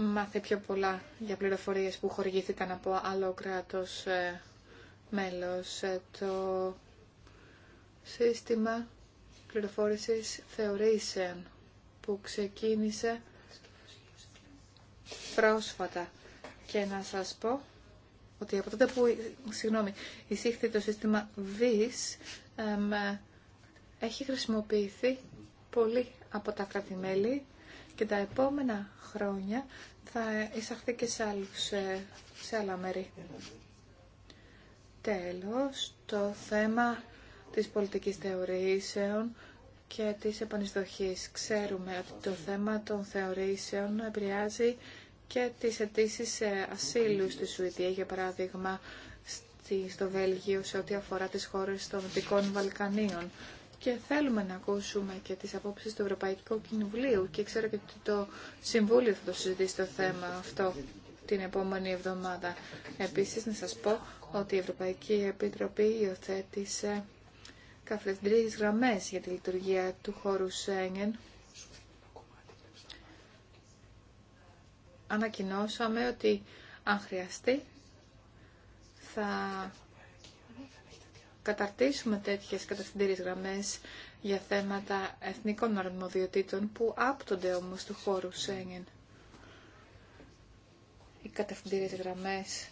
μάθει πιο πολλά για πληροφορίες που χορηγήθηκαν από άλλο κράτος ε, μέλος. Ε, το σύστημα πληροφόρησης θεωρήσεων που ξεκίνησε πρόσφατα και να σας πω ότι από τότε που συγγνώμη, εισήχθη το σύστημα VIS ε, έχει χρησιμοποιηθεί πολύ από τα κρατη και τα επόμενα χρόνια θα εισαχθεί και σε, άλλους, ε, σε άλλα μέρη. Τέλος, το θέμα της πολιτικής θεωρήσεων και της επανεισδοχής. Ξέρουμε ότι το θέμα των θεωρήσεων επηρεάζει και τις αιτήσει ασύλου στη Σουηδία, για παράδειγμα στο Βέλγιο, σε ό,τι αφορά τις χώρες των Δυτικών Βαλκανίων και θέλουμε να ακούσουμε και τις απόψεις του Ευρωπαϊκού Κοινοβουλίου και ξέρω και ότι το Συμβούλιο θα το συζητήσει το θέμα αυτό την επόμενη εβδομάδα. Επίσης να σας πω ότι η Ευρωπαϊκή Επιτροπή υιοθέτησε καθεδρίες γραμμές για τη λειτουργία του χώρου Σέγγεν. Ανακοινώσαμε ότι αν χρειαστεί θα καταρτήσουμε τέτοιες κατευθυντήριες γραμμές για θέματα εθνικών αρμοδιοτήτων που άπτονται όμως του χώρου Σέγγεν. Οι κατευθυντήριες γραμμές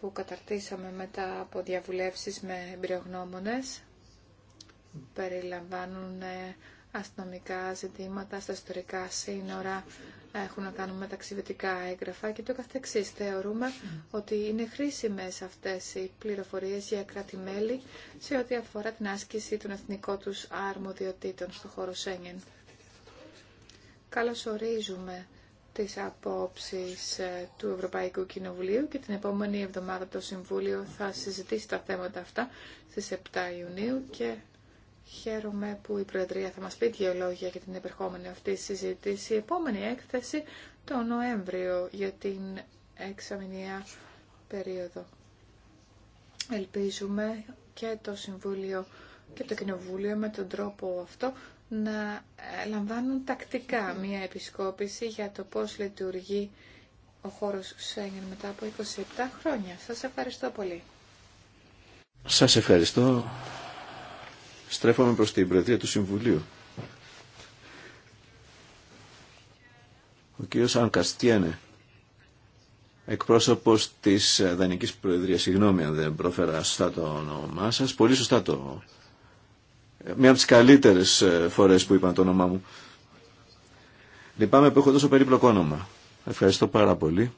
που καταρτήσαμε μετά από διαβουλεύσεις με εμπειρογνώμονες περιλαμβάνουν ε, αστυνομικά ζητήματα, στα ιστορικά σύνορα, έχουν να κάνουν μεταξυβετικά έγγραφα και το καθεξής. Θεωρούμε ότι είναι χρήσιμες αυτές οι πληροφορίες για κράτη-μέλη σε ό,τι αφορά την άσκηση των εθνικών τους αρμοδιοτήτων στο χώρο Σέγγεν. Καλωσορίζουμε ορίζουμε τις απόψεις ε, του Ευρωπαϊκού Κοινοβουλίου και την επόμενη εβδομάδα το Συμβούλιο θα συζητήσει τα θέματα αυτά στις 7 Ιουνίου και Χαίρομαι που η Προεδρία θα μας πει δύο λόγια για την επερχόμενη αυτή συζήτηση. Η επόμενη έκθεση το Νοέμβριο για την εξαμηνία περίοδο. Ελπίζουμε και το Συμβούλιο και το Κοινοβούλιο με τον τρόπο αυτό να λαμβάνουν τακτικά μία επισκόπηση για το πώς λειτουργεί ο χώρος Σέγγεν μετά από 27 χρόνια. Σας ευχαριστώ πολύ. Σας ευχαριστώ Στρέφομαι προς την Προεδρία του Συμβουλίου. Ο κύριος Ανκαστιένε, εκπρόσωπος της Δανικής Προεδρίας, συγγνώμη αν δεν πρόφερα σωστά το όνομά σας, πολύ σωστά το... Μία από τις καλύτερες ε, φορές που είπαν το όνομά μου. Λυπάμαι που έχω τόσο περίπλοκο όνομα. Ευχαριστώ πάρα πολύ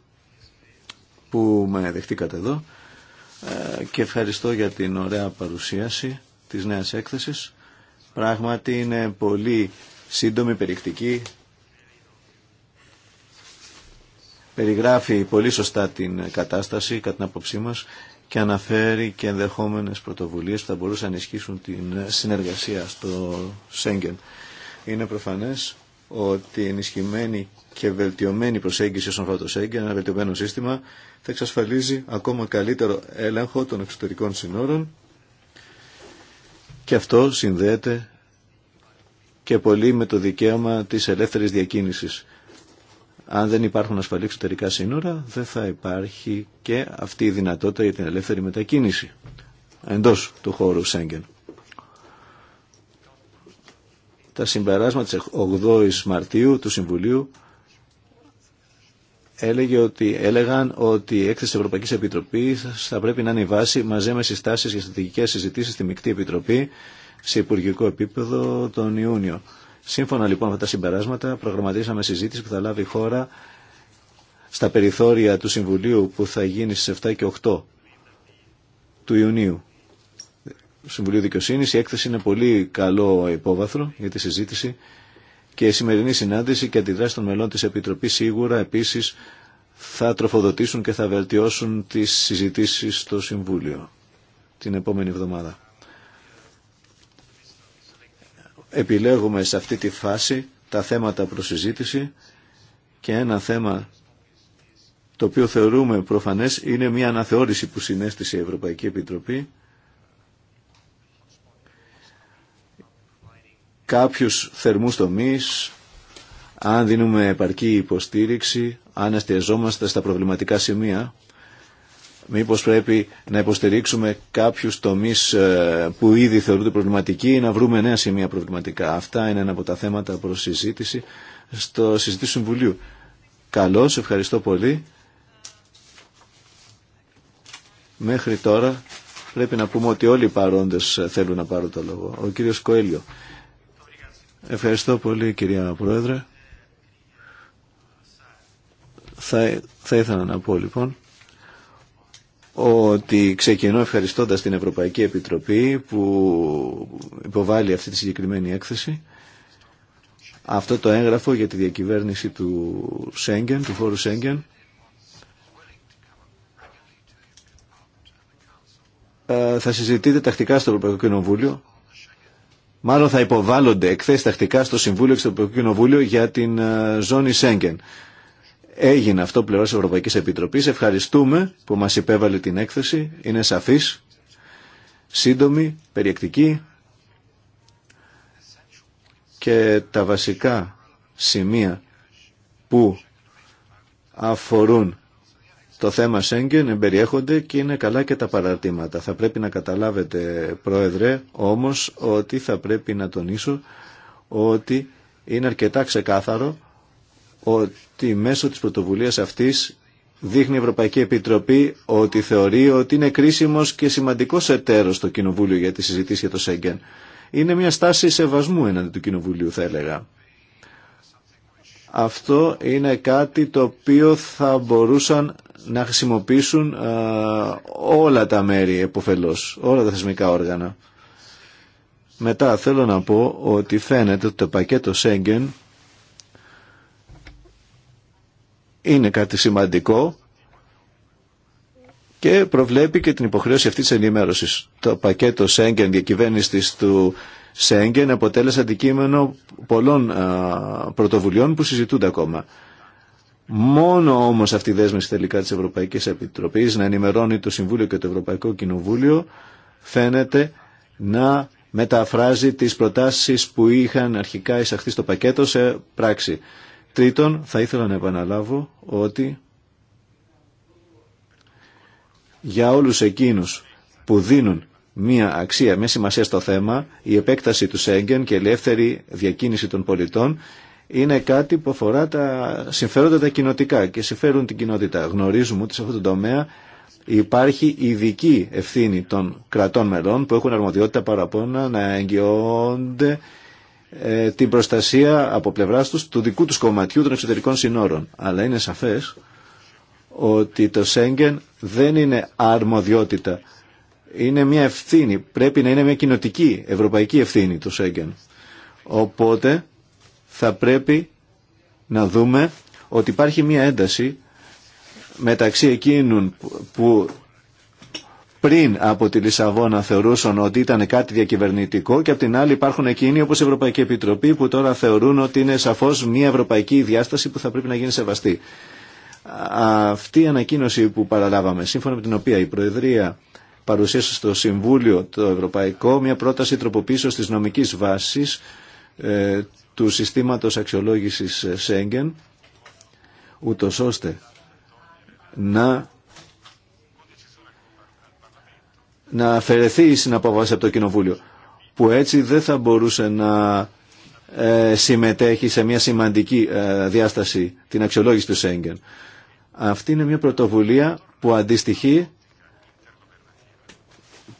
που με δεχτήκατε εδώ ε, και ευχαριστώ για την ωραία παρουσίαση της νέας έκθεσης. Πράγματι είναι πολύ σύντομη, περιεκτική. Περιγράφει πολύ σωστά την κατάσταση κατά την άποψή μας και αναφέρει και ενδεχόμενε πρωτοβουλίες που θα μπορούσαν να ενισχύσουν την συνεργασία στο Σέγγεν. Είναι προφανές ότι ενισχυμένη και βελτιωμένη προσέγγιση στον αφορά το Σέγγεν, ένα βελτιωμένο σύστημα, θα εξασφαλίζει ακόμα καλύτερο έλεγχο των εξωτερικών συνόρων και αυτό συνδέεται και πολύ με το δικαίωμα της ελεύθερης διακίνησης. Αν δεν υπάρχουν ασφαλή εξωτερικά σύνορα, δεν θα υπάρχει και αυτή η δυνατότητα για την ελεύθερη μετακίνηση εντός του χώρου Σέγγεν. Τα συμπεράσματα της 8ης Μαρτίου του Συμβουλίου έλεγε ότι, έλεγαν ότι η έκθεση της Ευρωπαϊκής Επιτροπής θα πρέπει να είναι η βάση μαζί με συστάσεις για στρατηγικές συζητήσεις στη Μικτή Επιτροπή σε υπουργικό επίπεδο τον Ιούνιο. Σύμφωνα λοιπόν με τα συμπεράσματα προγραμματίσαμε συζήτηση που θα λάβει η χώρα στα περιθώρια του Συμβουλίου που θα γίνει στις 7 και 8 του Ιουνίου. Συμβουλίου Δικαιοσύνη. Η έκθεση είναι πολύ καλό υπόβαθρο για τη συζήτηση και η σημερινή συνάντηση και αντιδράσει των μελών της Επιτροπής σίγουρα επίσης θα τροφοδοτήσουν και θα βελτιώσουν τις συζητήσεις στο Συμβούλιο την επόμενη εβδομάδα. Επιλέγουμε σε αυτή τη φάση τα θέματα προς συζήτηση και ένα θέμα το οποίο θεωρούμε προφανές είναι μια αναθεώρηση που συνέστησε η Ευρωπαϊκή Επιτροπή κάποιους θερμούς τομείς, αν δίνουμε επαρκή υποστήριξη, αν εστιαζόμαστε στα προβληματικά σημεία, μήπως πρέπει να υποστηρίξουμε κάποιους τομείς ε, που ήδη θεωρούνται προβληματικοί ή να βρούμε νέα σημεία προβληματικά. Αυτά είναι ένα από τα θέματα προς συζήτηση στο συζητήση Συμβουλίου. Καλώς, ευχαριστώ πολύ. Μέχρι τώρα πρέπει να πούμε ότι όλοι οι παρόντες θέλουν να πάρουν το λόγο. Ο κύριος Κοέλιο. Ευχαριστώ πολύ κυρία Πρόεδρε. Θα, θα ήθελα να πω λοιπόν ότι ξεκινώ ευχαριστώντας την Ευρωπαϊκή Επιτροπή που υποβάλλει αυτή τη συγκεκριμένη έκθεση αυτό το έγγραφο για τη διακυβέρνηση του Σέγγεν, του φόρου Σέγγεν ε, θα συζητείτε τακτικά στο Ευρωπαϊκό Κοινοβούλιο μάλλον θα υποβάλλονται εκθέσει τακτικά στο Συμβούλιο και στο Ευρωπαϊκό Κοινοβούλιο για την ε, ζώνη Σέγγεν. Έγινε αυτό πλευρά τη Ευρωπαϊκή Επιτροπή. Ευχαριστούμε που μα υπέβαλε την έκθεση. Είναι σαφή, σύντομη, περιεκτική και τα βασικά σημεία που αφορούν το θέμα Σέγγεν εμπεριέχονται και είναι καλά και τα παρατήματα. Θα πρέπει να καταλάβετε, Πρόεδρε, όμως ότι θα πρέπει να τονίσω ότι είναι αρκετά ξεκάθαρο ότι μέσω της πρωτοβουλίας αυτής δείχνει η Ευρωπαϊκή Επιτροπή ότι θεωρεί ότι είναι κρίσιμος και σημαντικός εταίρος το Κοινοβούλιο για τη συζητήση για το Σέγγεν. Είναι μια στάση σεβασμού έναντι του Κοινοβουλίου θα έλεγα. Αυτό είναι κάτι το οποίο θα μπορούσαν να χρησιμοποιήσουν όλα τα μέρη εποφελώς, όλα τα θεσμικά όργανα. Μετά θέλω να πω ότι φαίνεται ότι το πακέτο Σέγγεν είναι κάτι σημαντικό και προβλέπει και την υποχρέωση αυτής της ενημέρωσης. Το πακέτο Σέγγεν διακυβέρνηση του Σέγγεν αποτέλεσε αντικείμενο πολλών πρωτοβουλειών που συζητούνται ακόμα. Μόνο όμως αυτή η δέσμευση τελικά τη Ευρωπαϊκή Επιτροπή να ενημερώνει το Συμβούλιο και το Ευρωπαϊκό Κοινοβούλιο φαίνεται να μεταφράζει τις προτάσεις που είχαν αρχικά εισαχθεί στο πακέτο σε πράξη. Τρίτον, θα ήθελα να επαναλάβω ότι για όλους εκείνους που δίνουν μία αξία, μία σημασία στο θέμα, η επέκταση του Σέγγεν και η ελεύθερη διακίνηση των πολιτών είναι κάτι που αφορά τα συμφέροντα τα κοινοτικά και συμφέρουν την κοινότητα. Γνωρίζουμε ότι σε αυτό το τομέα υπάρχει ειδική ευθύνη των κρατών μελών που έχουν αρμοδιότητα παραπόνα να εγγυώνται ε, την προστασία από πλευράς τους του δικού τους κομματιού των εξωτερικών συνόρων. Αλλά είναι σαφές ότι το Σέγγεν δεν είναι αρμοδιότητα. Είναι μια ευθύνη. Πρέπει να είναι μια κοινοτική ευρωπαϊκή ευθύνη το Σέγγεν. Οπότε θα πρέπει να δούμε ότι υπάρχει μία ένταση μεταξύ εκείνων που πριν από τη Λισαβόνα θεωρούσαν ότι ήταν κάτι διακυβερνητικό και από την άλλη υπάρχουν εκείνοι όπως η Ευρωπαϊκή Επιτροπή που τώρα θεωρούν ότι είναι σαφώς μια ευρωπαϊκή διάσταση που θα πρέπει να γίνει σεβαστή. Αυτή η ανακοίνωση που παραλάβαμε, σύμφωνα με την οποία η Προεδρία παρουσίασε στο Συμβούλιο το Ευρωπαϊκό μια πρόταση τροποποίησης της νομικής βάσης ε, του συστήματος αξιολόγησης Σέγγεν, ούτω ώστε να, να αφαιρεθεί η συναπόβαση από το Κοινοβούλιο, που έτσι δεν θα μπορούσε να ε, συμμετέχει σε μια σημαντική ε, διάσταση την αξιολόγηση του Σέγγεν. Αυτή είναι μια πρωτοβουλία που αντιστοιχεί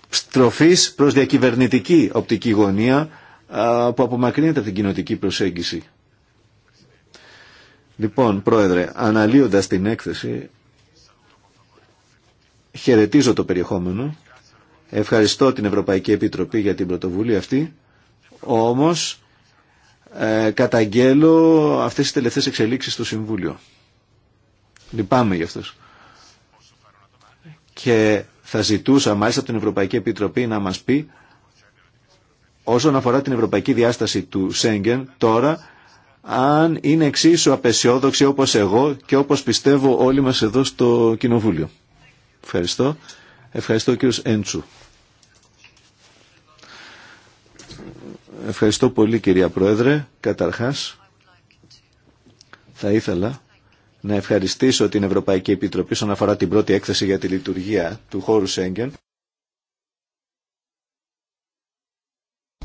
στροφής προς διακυβερνητική οπτική γωνία που απομακρύνεται από την κοινοτική προσέγγιση. Λοιπόν, Πρόεδρε, αναλύοντας την έκθεση, χαιρετίζω το περιεχόμενο, ευχαριστώ την Ευρωπαϊκή Επιτροπή για την πρωτοβουλία αυτή, όμως ε, καταγγέλλω αυτές τις τελευταίες εξελίξεις στο Συμβούλιο. Λυπάμαι γι' αυτός. Και θα ζητούσα μάλιστα από την Ευρωπαϊκή Επιτροπή να μας πει Όσον αφορά την ευρωπαϊκή διάσταση του Σέγγεν, τώρα, αν είναι εξίσου απεσιόδοξη όπως εγώ και όπως πιστεύω όλοι μας εδώ στο Κοινοβούλιο. Ευχαριστώ. Ευχαριστώ κύριος Έντσου. Ευχαριστώ πολύ κυρία Πρόεδρε. Καταρχάς, θα ήθελα να ευχαριστήσω την Ευρωπαϊκή Επιτροπή όσον αφορά την πρώτη έκθεση για τη λειτουργία του χώρου Σέγγεν.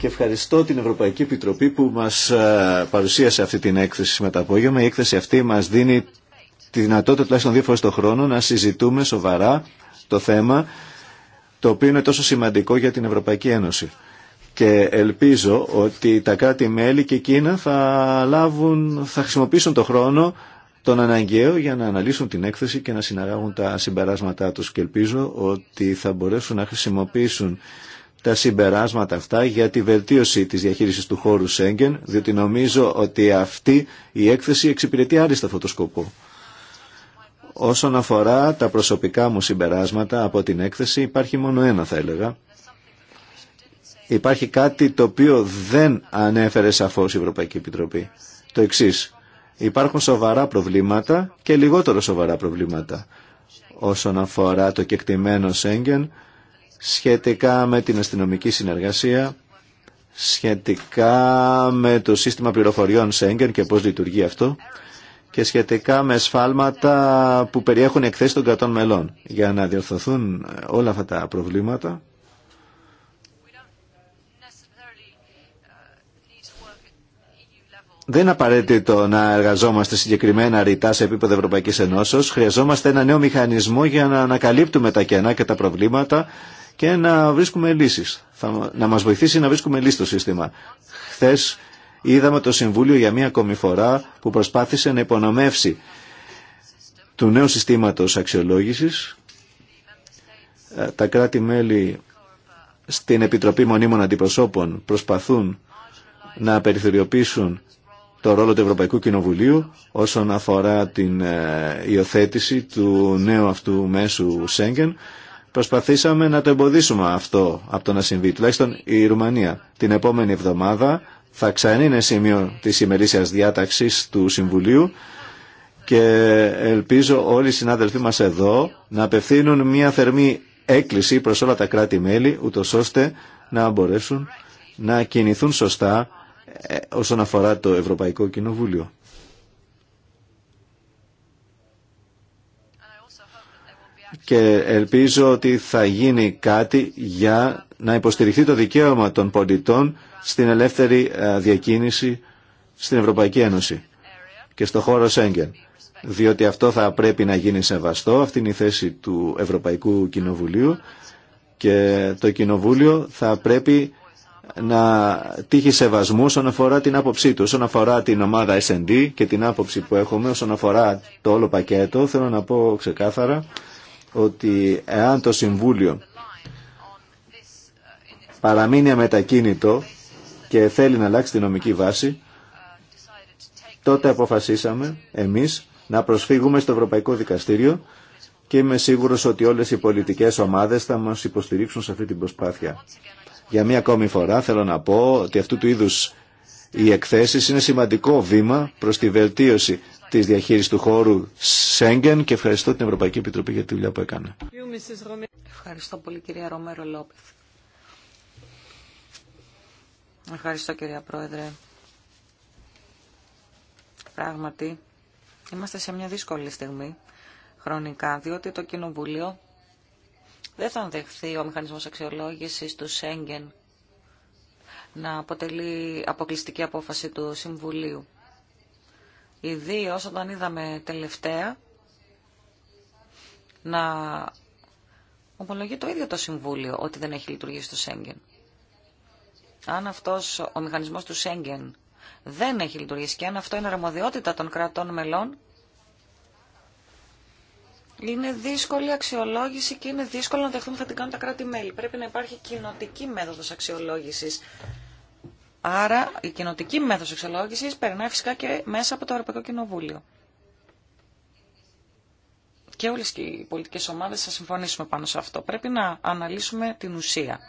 ευχαριστώ την Ευρωπαϊκή Επιτροπή που μας ε, παρουσίασε αυτή την έκθεση με απόγευμα. Η έκθεση αυτή μας δίνει τη δυνατότητα τουλάχιστον δύο φορές το χρόνο να συζητούμε σοβαρά το θέμα το οποίο είναι τόσο σημαντικό για την Ευρωπαϊκή Ένωση. Και ελπίζω ότι τα κράτη-μέλη και εκείνα θα, λάβουν, θα χρησιμοποιήσουν τον χρόνο τον αναγκαίο για να αναλύσουν την έκθεση και να συναγάγουν τα συμπεράσματά τους και ελπίζω ότι θα μπορέσουν να χρησιμοποιήσουν τα συμπεράσματα αυτά για τη βελτίωση της διαχείρισης του χώρου Σέγγεν, διότι νομίζω ότι αυτή η έκθεση εξυπηρετεί άριστα αυτό το σκοπό. Όσον αφορά τα προσωπικά μου συμπεράσματα από την έκθεση, υπάρχει μόνο ένα θα έλεγα. Υπάρχει κάτι το οποίο δεν ανέφερε σαφώς η Ευρωπαϊκή Επιτροπή. Το εξής. Υπάρχουν σοβαρά προβλήματα και λιγότερο σοβαρά προβλήματα όσον αφορά το κεκτημένο Σέγγεν σχετικά με την αστυνομική συνεργασία, σχετικά με το σύστημα πληροφοριών Σέγγεν και πώς λειτουργεί αυτό και σχετικά με σφάλματα που περιέχουν εκθέσεις των κρατών μελών. Για να διορθωθούν όλα αυτά τα προβλήματα, Δεν είναι απαραίτητο να εργαζόμαστε συγκεκριμένα ρητά σε επίπεδο Ευρωπαϊκής Ενώσεως. Χρειαζόμαστε ένα νέο μηχανισμό για να ανακαλύπτουμε τα κενά και τα προβλήματα και να βρίσκουμε λύσεις. να μας βοηθήσει να βρίσκουμε λύσεις στο σύστημα. Χθε είδαμε το Συμβούλιο για μία ακόμη φορά που προσπάθησε να υπονομεύσει του νέου συστήματος αξιολόγησης ε, τα κράτη-μέλη στην Επιτροπή Μονίμων Αντιπροσώπων προσπαθούν να περιθωριοποιήσουν το ρόλο του Ευρωπαϊκού Κοινοβουλίου όσον αφορά την ε, υιοθέτηση του νέου αυτού μέσου Σέγγεν. Προσπαθήσαμε να το εμποδίσουμε αυτό από το να συμβεί. Τουλάχιστον η Ρουμανία την επόμενη εβδομάδα θα ξανή σημείο της ημερήσιας διάταξης του Συμβουλίου και ελπίζω όλοι οι συνάδελφοί μας εδώ να απευθύνουν μια θερμή έκκληση προς όλα τα κράτη-μέλη ούτως ώστε να μπορέσουν να κινηθούν σωστά ε, όσον αφορά το Ευρωπαϊκό Κοινοβούλιο. και ελπίζω ότι θα γίνει κάτι για να υποστηριχθεί το δικαίωμα των πολιτών στην ελεύθερη ε, διακίνηση στην Ευρωπαϊκή Ένωση και στο χώρο Σέγγεν. Διότι αυτό θα πρέπει να γίνει σεβαστό, αυτή είναι η θέση του Ευρωπαϊκού Κοινοβουλίου και το Κοινοβούλιο θα πρέπει να τύχει σεβασμού όσον αφορά την άποψή του. Όσον αφορά την ομάδα S&D και την άποψη που έχουμε, όσον αφορά το όλο πακέτο, θέλω να πω ξεκάθαρα ότι εάν το Συμβούλιο παραμείνει αμετακίνητο και θέλει να αλλάξει τη νομική βάση, τότε αποφασίσαμε εμείς να προσφύγουμε στο Ευρωπαϊκό Δικαστήριο και είμαι σίγουρος ότι όλες οι πολιτικές ομάδες θα μας υποστηρίξουν σε αυτή την προσπάθεια. Για μία ακόμη φορά θέλω να πω ότι αυτού του είδους οι εκθέσεις είναι σημαντικό βήμα προς τη βελτίωση της διαχείρισης του χώρου Σέγγεν και ευχαριστώ την Ευρωπαϊκή Επιτροπή για τη δουλειά που έκανε. Ευχαριστώ πολύ κυρία Ρομέρο Λόπεθ. Ευχαριστώ κυρία Πρόεδρε. Πράγματι, είμαστε σε μια δύσκολη στιγμή χρονικά, διότι το Κοινοβούλιο δεν θα δεχθεί ο μηχανισμός αξιολόγησης του Σέγγεν να αποτελεί αποκλειστική απόφαση του Συμβουλίου. Ιδίω όταν είδαμε τελευταία να ομολογεί το ίδιο το Συμβούλιο ότι δεν έχει λειτουργήσει το Σέγγεν. Αν αυτός ο μηχανισμός του Σέγγεν δεν έχει λειτουργήσει και αν αυτό είναι αρμοδιότητα των κρατών μελών, είναι δύσκολη αξιολόγηση και είναι δύσκολο να δεχτούμε θα την κάνουν τα κράτη-μέλη. Πρέπει να υπάρχει κοινοτική μέθοδος αξιολόγησης Άρα η κοινοτική μέθοδος εξολόγησης περνάει φυσικά και μέσα από το Ευρωπαϊκό Κοινοβούλιο. Και όλες και οι πολιτικές ομάδες θα συμφωνήσουμε πάνω σε αυτό. Πρέπει να αναλύσουμε την ουσία.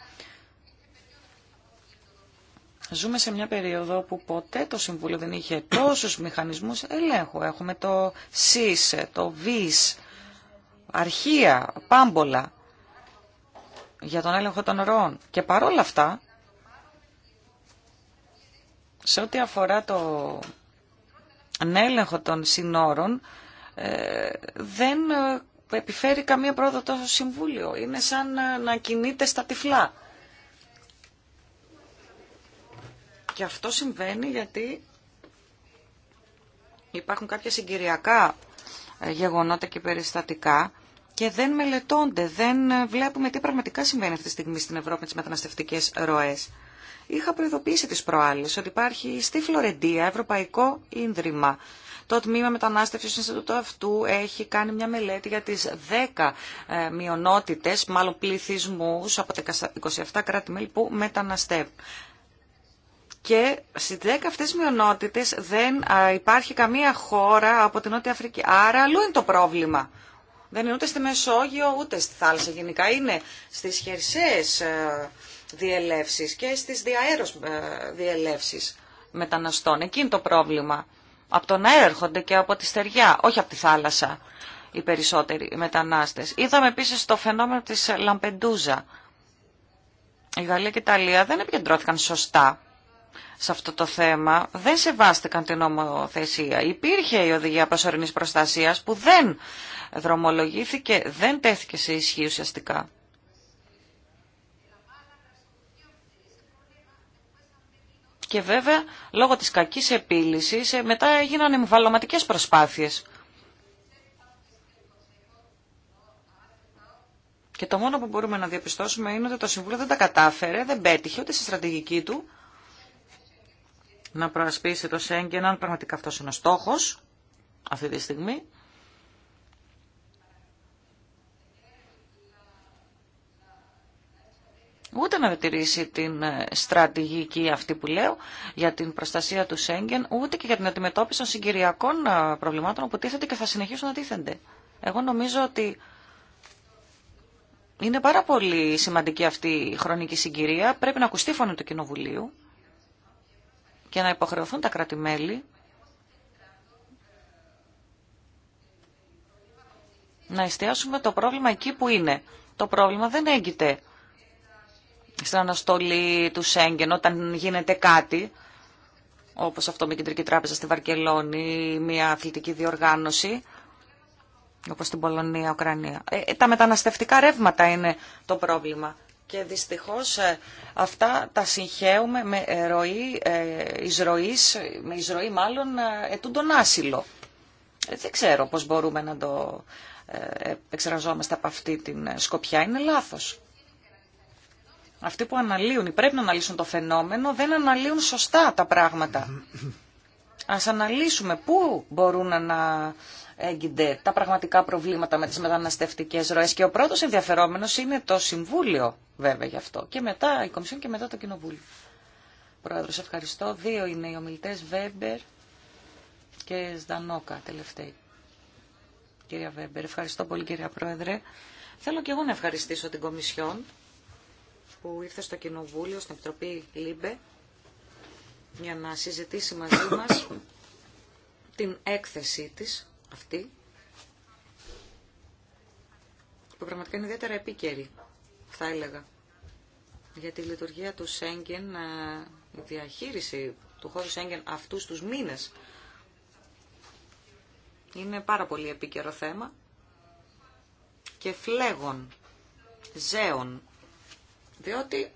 Ζούμε σε μια περίοδο που ποτέ το Συμβούλιο δεν είχε τόσους μηχανισμούς ελέγχου. Έχουμε το ΣΥΣ, το ΒΙΣ, αρχεία, πάμπολα για τον έλεγχο των ροών. Και παρόλα αυτά, σε ό,τι αφορά το ανέλεγχο των συνόρων, ε, δεν ε, επιφέρει καμία πρόοδο τόσο συμβούλιο. Είναι σαν ε, να κινείται στα τυφλά. Και αυτό συμβαίνει γιατί υπάρχουν κάποια συγκυριακά γεγονότα και περιστατικά και δεν μελετώνται, δεν βλέπουμε τι πραγματικά συμβαίνει αυτή τη στιγμή στην Ευρώπη με τις μεταναστευτικές ροές. Είχα προειδοποιήσει τις προάλλες ότι υπάρχει στη Φλωρεντία Ευρωπαϊκό Ίνδρυμα. Το Τμήμα Μετανάστευσης του Ινστιτούτου αυτού έχει κάνει μια μελέτη για τις 10 ε, μειονότητες, μάλλον πληθυσμούς από τα 27 κράτη-μέλη που μεταναστεύουν. Και στι 10 αυτέ μειονότητε δεν υπάρχει καμία χώρα από την Νότια Αφρική. Άρα αλλού είναι το πρόβλημα. Δεν είναι ούτε στη Μεσόγειο ούτε στη θάλασσα γενικά. Είναι στι χερσαίε ε, διελεύσεις και στις διαέρος ε, διελεύσεις μεταναστών. Εκεί είναι το πρόβλημα. Από το να έρχονται και από τη στεριά, όχι από τη θάλασσα οι περισσότεροι μετανάστες. Είδαμε επίσης το φαινόμενο της Λαμπεντούζα. Η Γαλλία και η Ιταλία δεν επικεντρώθηκαν σωστά σε αυτό το θέμα. Δεν σεβάστηκαν την νομοθεσία. Υπήρχε η οδηγία προσωρινής προστασίας που δεν δρομολογήθηκε, δεν τέθηκε σε ισχύ ουσιαστικά. Και βέβαια, λόγω της κακής επίλυσης, ε, μετά έγιναν εμβαλωματικές προσπάθειες. Και το μόνο που μπορούμε να διαπιστώσουμε είναι ότι το Συμβούλιο δεν τα κατάφερε, δεν πέτυχε ούτε στη στρατηγική του να προασπίσει το Σέγγεν, αν πραγματικά αυτός είναι ο στόχος αυτή τη στιγμή. ούτε να διατηρήσει την ε, στρατηγική αυτή που λέω για την προστασία του Σέγγεν, ούτε και για την αντιμετώπιση των συγκυριακών ε, προβλημάτων που τίθενται και θα συνεχίσουν να τίθενται. Εγώ νομίζω ότι είναι πάρα πολύ σημαντική αυτή η χρονική συγκυρία. Πρέπει να ακουστεί φωνή του Κοινοβουλίου και να υποχρεωθούν τα κράτη-μέλη να εστιάσουμε το πρόβλημα εκεί που είναι. Το πρόβλημα δεν έγκυται στην αναστολή του Σέγγεν όταν γίνεται κάτι, όπως αυτό με κεντρική τράπεζα στη Βαρκελόνη μια αθλητική διοργάνωση, όπως στην Πολωνία, Ουκρανία. Ε, τα μεταναστευτικά ρεύματα είναι το πρόβλημα. Και δυστυχώς ε, αυτά τα συγχαίουμε με ροή, ε, με εισρωή μάλλον ε, τον άσυλο. Ε, δεν ξέρω πώς μπορούμε να το εξεραζόμαστε από αυτή την σκοπιά. Είναι λάθος αυτοί που αναλύουν ή πρέπει να αναλύσουν το φαινόμενο δεν αναλύουν σωστά τα πράγματα. Ας αναλύσουμε πού μπορούν να έγκυνται τα πραγματικά προβλήματα με τις μεταναστευτικές ροές και ο πρώτος ενδιαφερόμενος είναι το Συμβούλιο βέβαια γι' αυτό και μετά η Κομισιόν και μετά το Κοινοβούλιο. Πρόεδρος, ευχαριστώ. Δύο είναι οι ομιλητές Βέμπερ και Σδανόκα τελευταίοι. Κυρία Βέμπερ, ευχαριστώ πολύ κυρία Πρόεδρε. Θέλω και εγώ να ευχαριστήσω την Κομισιόν που ήρθε στο Κοινοβούλιο, στην Επιτροπή ΛΥΜΠΕ, για να συζητήσει μαζί μας την έκθεσή της αυτή, που πραγματικά είναι ιδιαίτερα επίκαιρη, θα έλεγα, για τη λειτουργία του Σέγγεν, ε, η διαχείριση του χώρου Σέγγεν αυτούς τους μήνες. Είναι πάρα πολύ επίκαιρο θέμα και φλέγον, ζέων διότι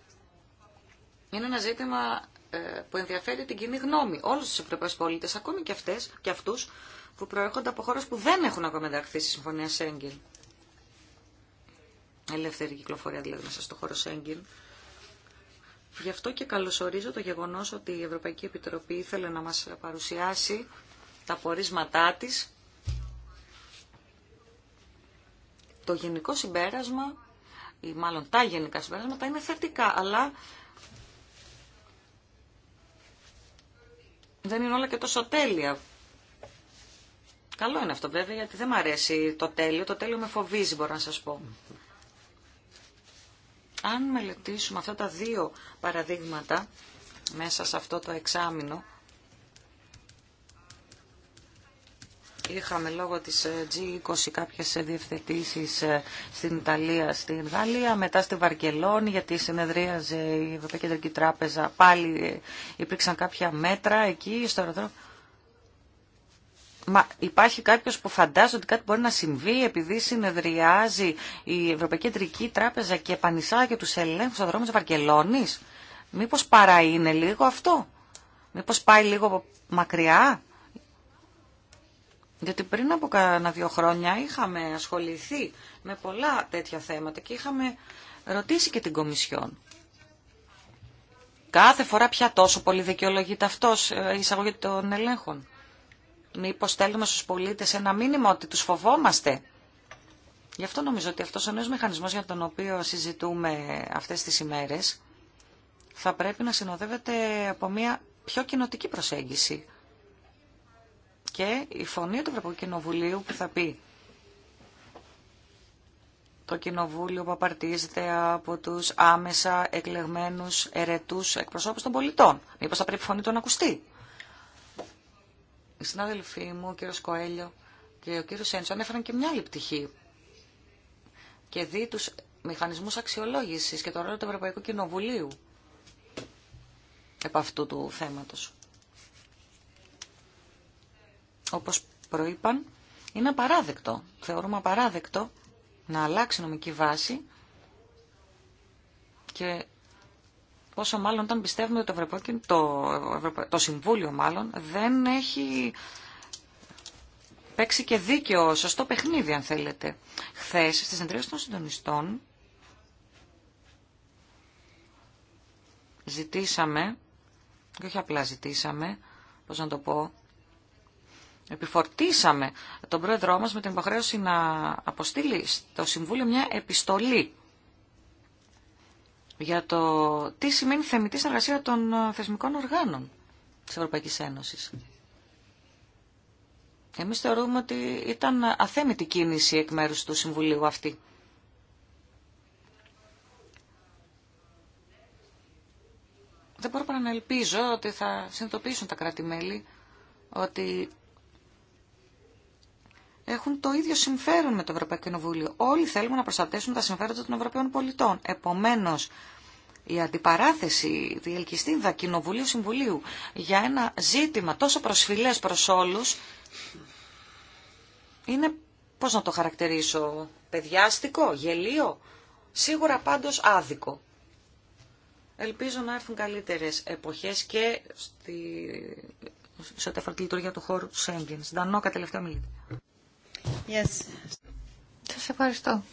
είναι ένα ζήτημα ε, που ενδιαφέρει την κοινή γνώμη. Όλους τους Ευρωπαίους πολίτες, ακόμη και, αυτές, και αυτούς που προέρχονται από χώρες που δεν έχουν ακόμα ενταχθεί στη Συμφωνία Σέγγιν. Ελεύθερη κυκλοφορία δηλαδή μέσα στο χώρο Σέγγιν. Γι' αυτό και καλωσορίζω το γεγονός ότι η Ευρωπαϊκή Επιτροπή ήθελε να μας παρουσιάσει τα πορίσματά της. Το γενικό συμπέρασμα ή μάλλον τα γενικά συμπεράσματα είναι θετικά, αλλά δεν είναι όλα και τόσο τέλεια. Καλό είναι αυτό βέβαια, γιατί δεν μου αρέσει το τέλειο. Το τέλειο με φοβίζει, μπορώ να σας πω. Αν μελετήσουμε αυτά τα δύο παραδείγματα μέσα σε αυτό το εξάμεινο, Είχαμε λόγω της ε, G20 κάποιες ε, διευθετήσεις ε, στην Ιταλία, στην Γαλλία, μετά στη Βαρκελόνη γιατί συνεδρίαζε η Ευρωπαϊκή Κεντρική Τράπεζα. Πάλι υπήρξαν κάποια μέτρα εκεί στο αεροδρόμιο. Μα υπάρχει κάποιος που φαντάζει ότι κάτι μπορεί να συμβεί επειδή συνεδριάζει η Ευρωπαϊκή Κεντρική Τράπεζα και επανισάγει τους ελέγχους στο δρόμο της Βαρκελόνης. Μήπως παρά είναι λίγο αυτό. Μήπως πάει λίγο μακριά. Γιατί πριν από κανένα δύο χρόνια είχαμε ασχοληθεί με πολλά τέτοια θέματα και είχαμε ρωτήσει και την Κομισιόν. Κάθε φορά πια τόσο πολύ δικαιολογείται αυτός ε, η εισαγωγή των ελέγχων. Μήπω στέλνουμε στου πολίτες ένα μήνυμα ότι τους φοβόμαστε. Γι' αυτό νομίζω ότι αυτός ο νέο μηχανισμό για τον οποίο συζητούμε αυτές τι ημέρε θα πρέπει να συνοδεύεται από μια πιο κοινοτική προσέγγιση και η φωνή του Ευρωπαϊκού Κοινοβουλίου που θα πει το κοινοβούλιο που απαρτίζεται από τους άμεσα εκλεγμένους ερετούς εκπροσώπους των πολιτών. Μήπως θα πρέπει η φωνή του να ακουστεί. Οι συνάδελφοί μου, ο κύριος Κοέλιο και ο κύριος Σέντσο ανέφεραν και μια άλλη πτυχή. Και δει τους μηχανισμούς αξιολόγησης και το ρόλο του Ευρωπαϊκού Κοινοβουλίου επ' αυτού του θέματος όπως προείπαν, είναι απαράδεκτο. Θεωρούμε απαράδεκτο να αλλάξει νομική βάση και όσο μάλλον όταν πιστεύουμε ότι το, Ευρωπαϊκό, το, Συμβούλιο μάλλον δεν έχει παίξει και δίκαιο, σωστό παιχνίδι αν θέλετε. Χθες στις συνεδρίες των συντονιστών ζητήσαμε, και όχι απλά ζητήσαμε, πώς να το πω, Επιφορτήσαμε τον πρόεδρό μας με την υποχρέωση να αποστείλει στο Συμβούλιο μια επιστολή για το τι σημαίνει θεμητή συνεργασία των ε, θεσμικών οργάνων της Ευρωπαϊκής Ένωσης. Εμείς θεωρούμε ότι ήταν αθέμητη κίνηση εκ μέρους του Συμβουλίου αυτή. Δεν μπορώ παρά να ελπίζω ότι θα συνειδητοποιήσουν τα κράτη-μέλη ότι έχουν το ίδιο συμφέρον με το Ευρωπαϊκό Κοινοβούλιο. Όλοι θέλουμε να προστατεύσουμε τα συμφέροντα των Ευρωπαίων πολιτών. Επομένω, η αντιπαράθεση, η ελκυστίδα Κοινοβουλίου-Συμβουλίου για ένα ζήτημα τόσο προσφυλέ προς όλους είναι, πώς να το χαρακτηρίσω, παιδιάστικο, γελίο, σίγουρα πάντως άδικο. Ελπίζω να έρθουν καλύτερε εποχέ και στη... σε ό,τι αφορά τη λειτουργία του χώρου του Σέγγεν. Ντανόκα, Yes. Σας ευχαριστώ.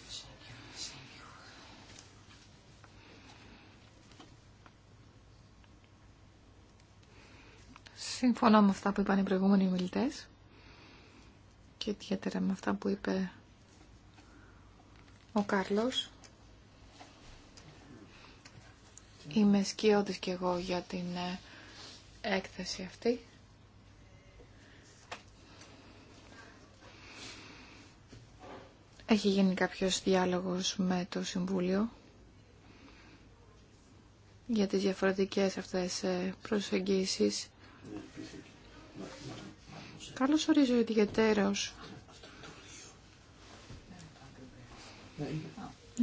Συμφωνώ με αυτά που είπαν οι προηγούμενοι ομιλητέ και ιδιαίτερα με αυτά που είπε ο Κάρλος. Είμαι σκιώδης και εγώ για την ε, έκθεση αυτή. Έχει γίνει κάποιος διάλογος με το Συμβούλιο για τις διαφορετικές αυτές ε, προσεγγίσεις. Καλώς ορίζω ιδιαίτερος.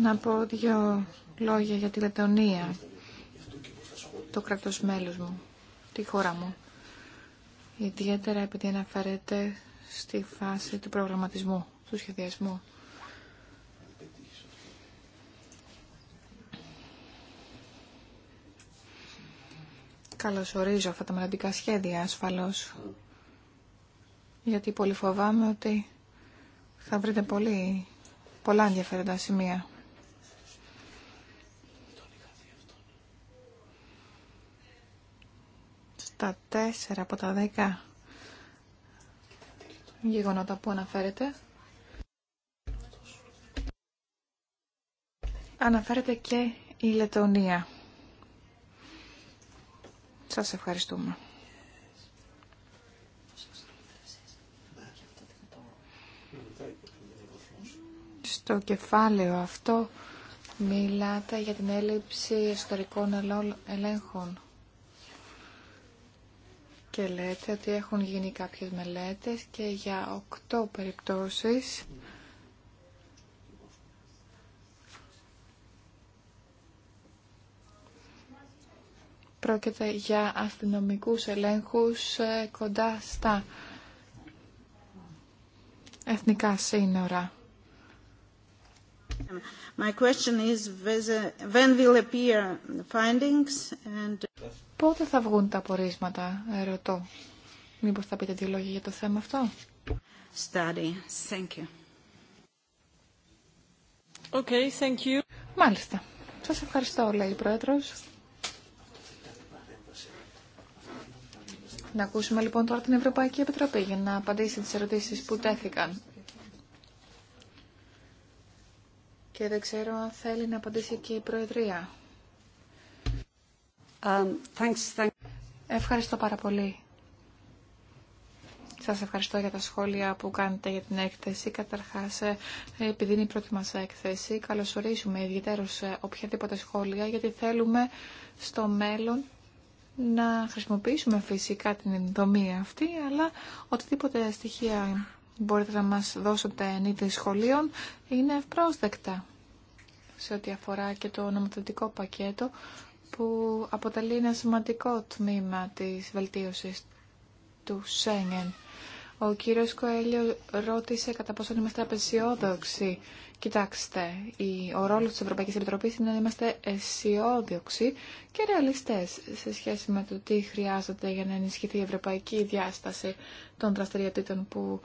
Να πω δύο λόγια για τη Λετωνία, το κράτος μου, τη χώρα μου. Ιδιαίτερα επειδή αναφέρεται στη φάση του προγραμματισμού, του σχεδιασμού. Καλωσορίζω αυτά τα μελλοντικά σχέδια ασφαλώς. Γιατί πολύ φοβάμαι ότι θα βρείτε πολύ, πολλά ενδιαφέροντα σημεία. Στα τέσσερα από τα δέκα γεγονότα που αναφέρετε. Αναφέρεται και η Λετωνία. Σας ευχαριστούμε. Στο κεφάλαιο αυτό μιλάτε για την έλλειψη ιστορικών ελέγχων και λέτε ότι έχουν γίνει κάποιες μελέτες και για οκτώ περιπτώσεις Πρόκειται για αστυνομικούς ελέγχους ε, κοντά στα εθνικά σύνορα. My question is when will appear the findings and... Πότε θα βγουν τα απορίσματα, ρωτώ. Μήπως θα πείτε δύο λόγια για το θέμα αυτό. Study. Thank you. Okay, thank you. Μάλιστα. Σας ευχαριστώ, λέει η Πρόεδρος. Να ακούσουμε λοιπόν τώρα την Ευρωπαϊκή Επιτροπή για να απαντήσει τις ερωτήσεις που τέθηκαν. Και δεν ξέρω αν θέλει να απαντήσει και η Προεδρία. Um, thanks, Ευχαριστώ πάρα πολύ. Σας ευχαριστώ για τα σχόλια που κάνετε για την έκθεση. Καταρχάς, ε, επειδή είναι η πρώτη μας έκθεση, καλωσορίζουμε ιδιαίτερως ε, οποιαδήποτε σχόλια, γιατί θέλουμε στο μέλλον να χρησιμοποιήσουμε φυσικά την δομή αυτή, αλλά οτιδήποτε στοιχεία μπορείτε να μας δώσετε είδη σχολείων είναι ευπρόσδεκτα σε ό,τι αφορά και το νομοθετικό πακέτο που αποτελεί ένα σημαντικό τμήμα της βελτίωσης του Σέγγεν. Ο κύριος Κοέλιο ρώτησε κατά πόσο είμαστε απεσιόδοξοι. Κοιτάξτε, ο ρόλος της Ευρωπαϊκής Επιτροπής είναι να είμαστε αισιόδοξοι και ρεαλιστές σε σχέση με το τι χρειάζεται για να ενισχυθεί η ευρωπαϊκή διάσταση των δραστηριοτήτων που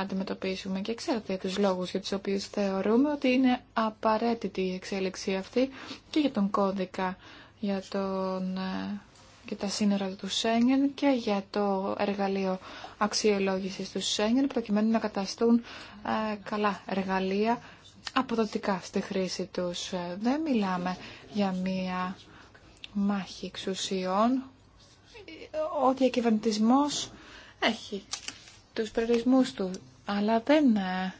αντιμετωπίσουμε. Και ξέρετε τους λόγους για τους οποίους θεωρούμε ότι είναι απαραίτητη η εξέλιξη αυτή και για τον κώδικα για τον και τα σύνορα του Σέγγεν και για το εργαλείο αξιολόγησης του Σέγγεν προκειμένου να καταστούν ε, καλά εργαλεία αποδοτικά στη χρήση τους. Ε, δεν μιλάμε για μία μάχη εξουσιών. Ο διακυβερνητισμό έχει τους περιορισμούς του, αλλά δεν ε,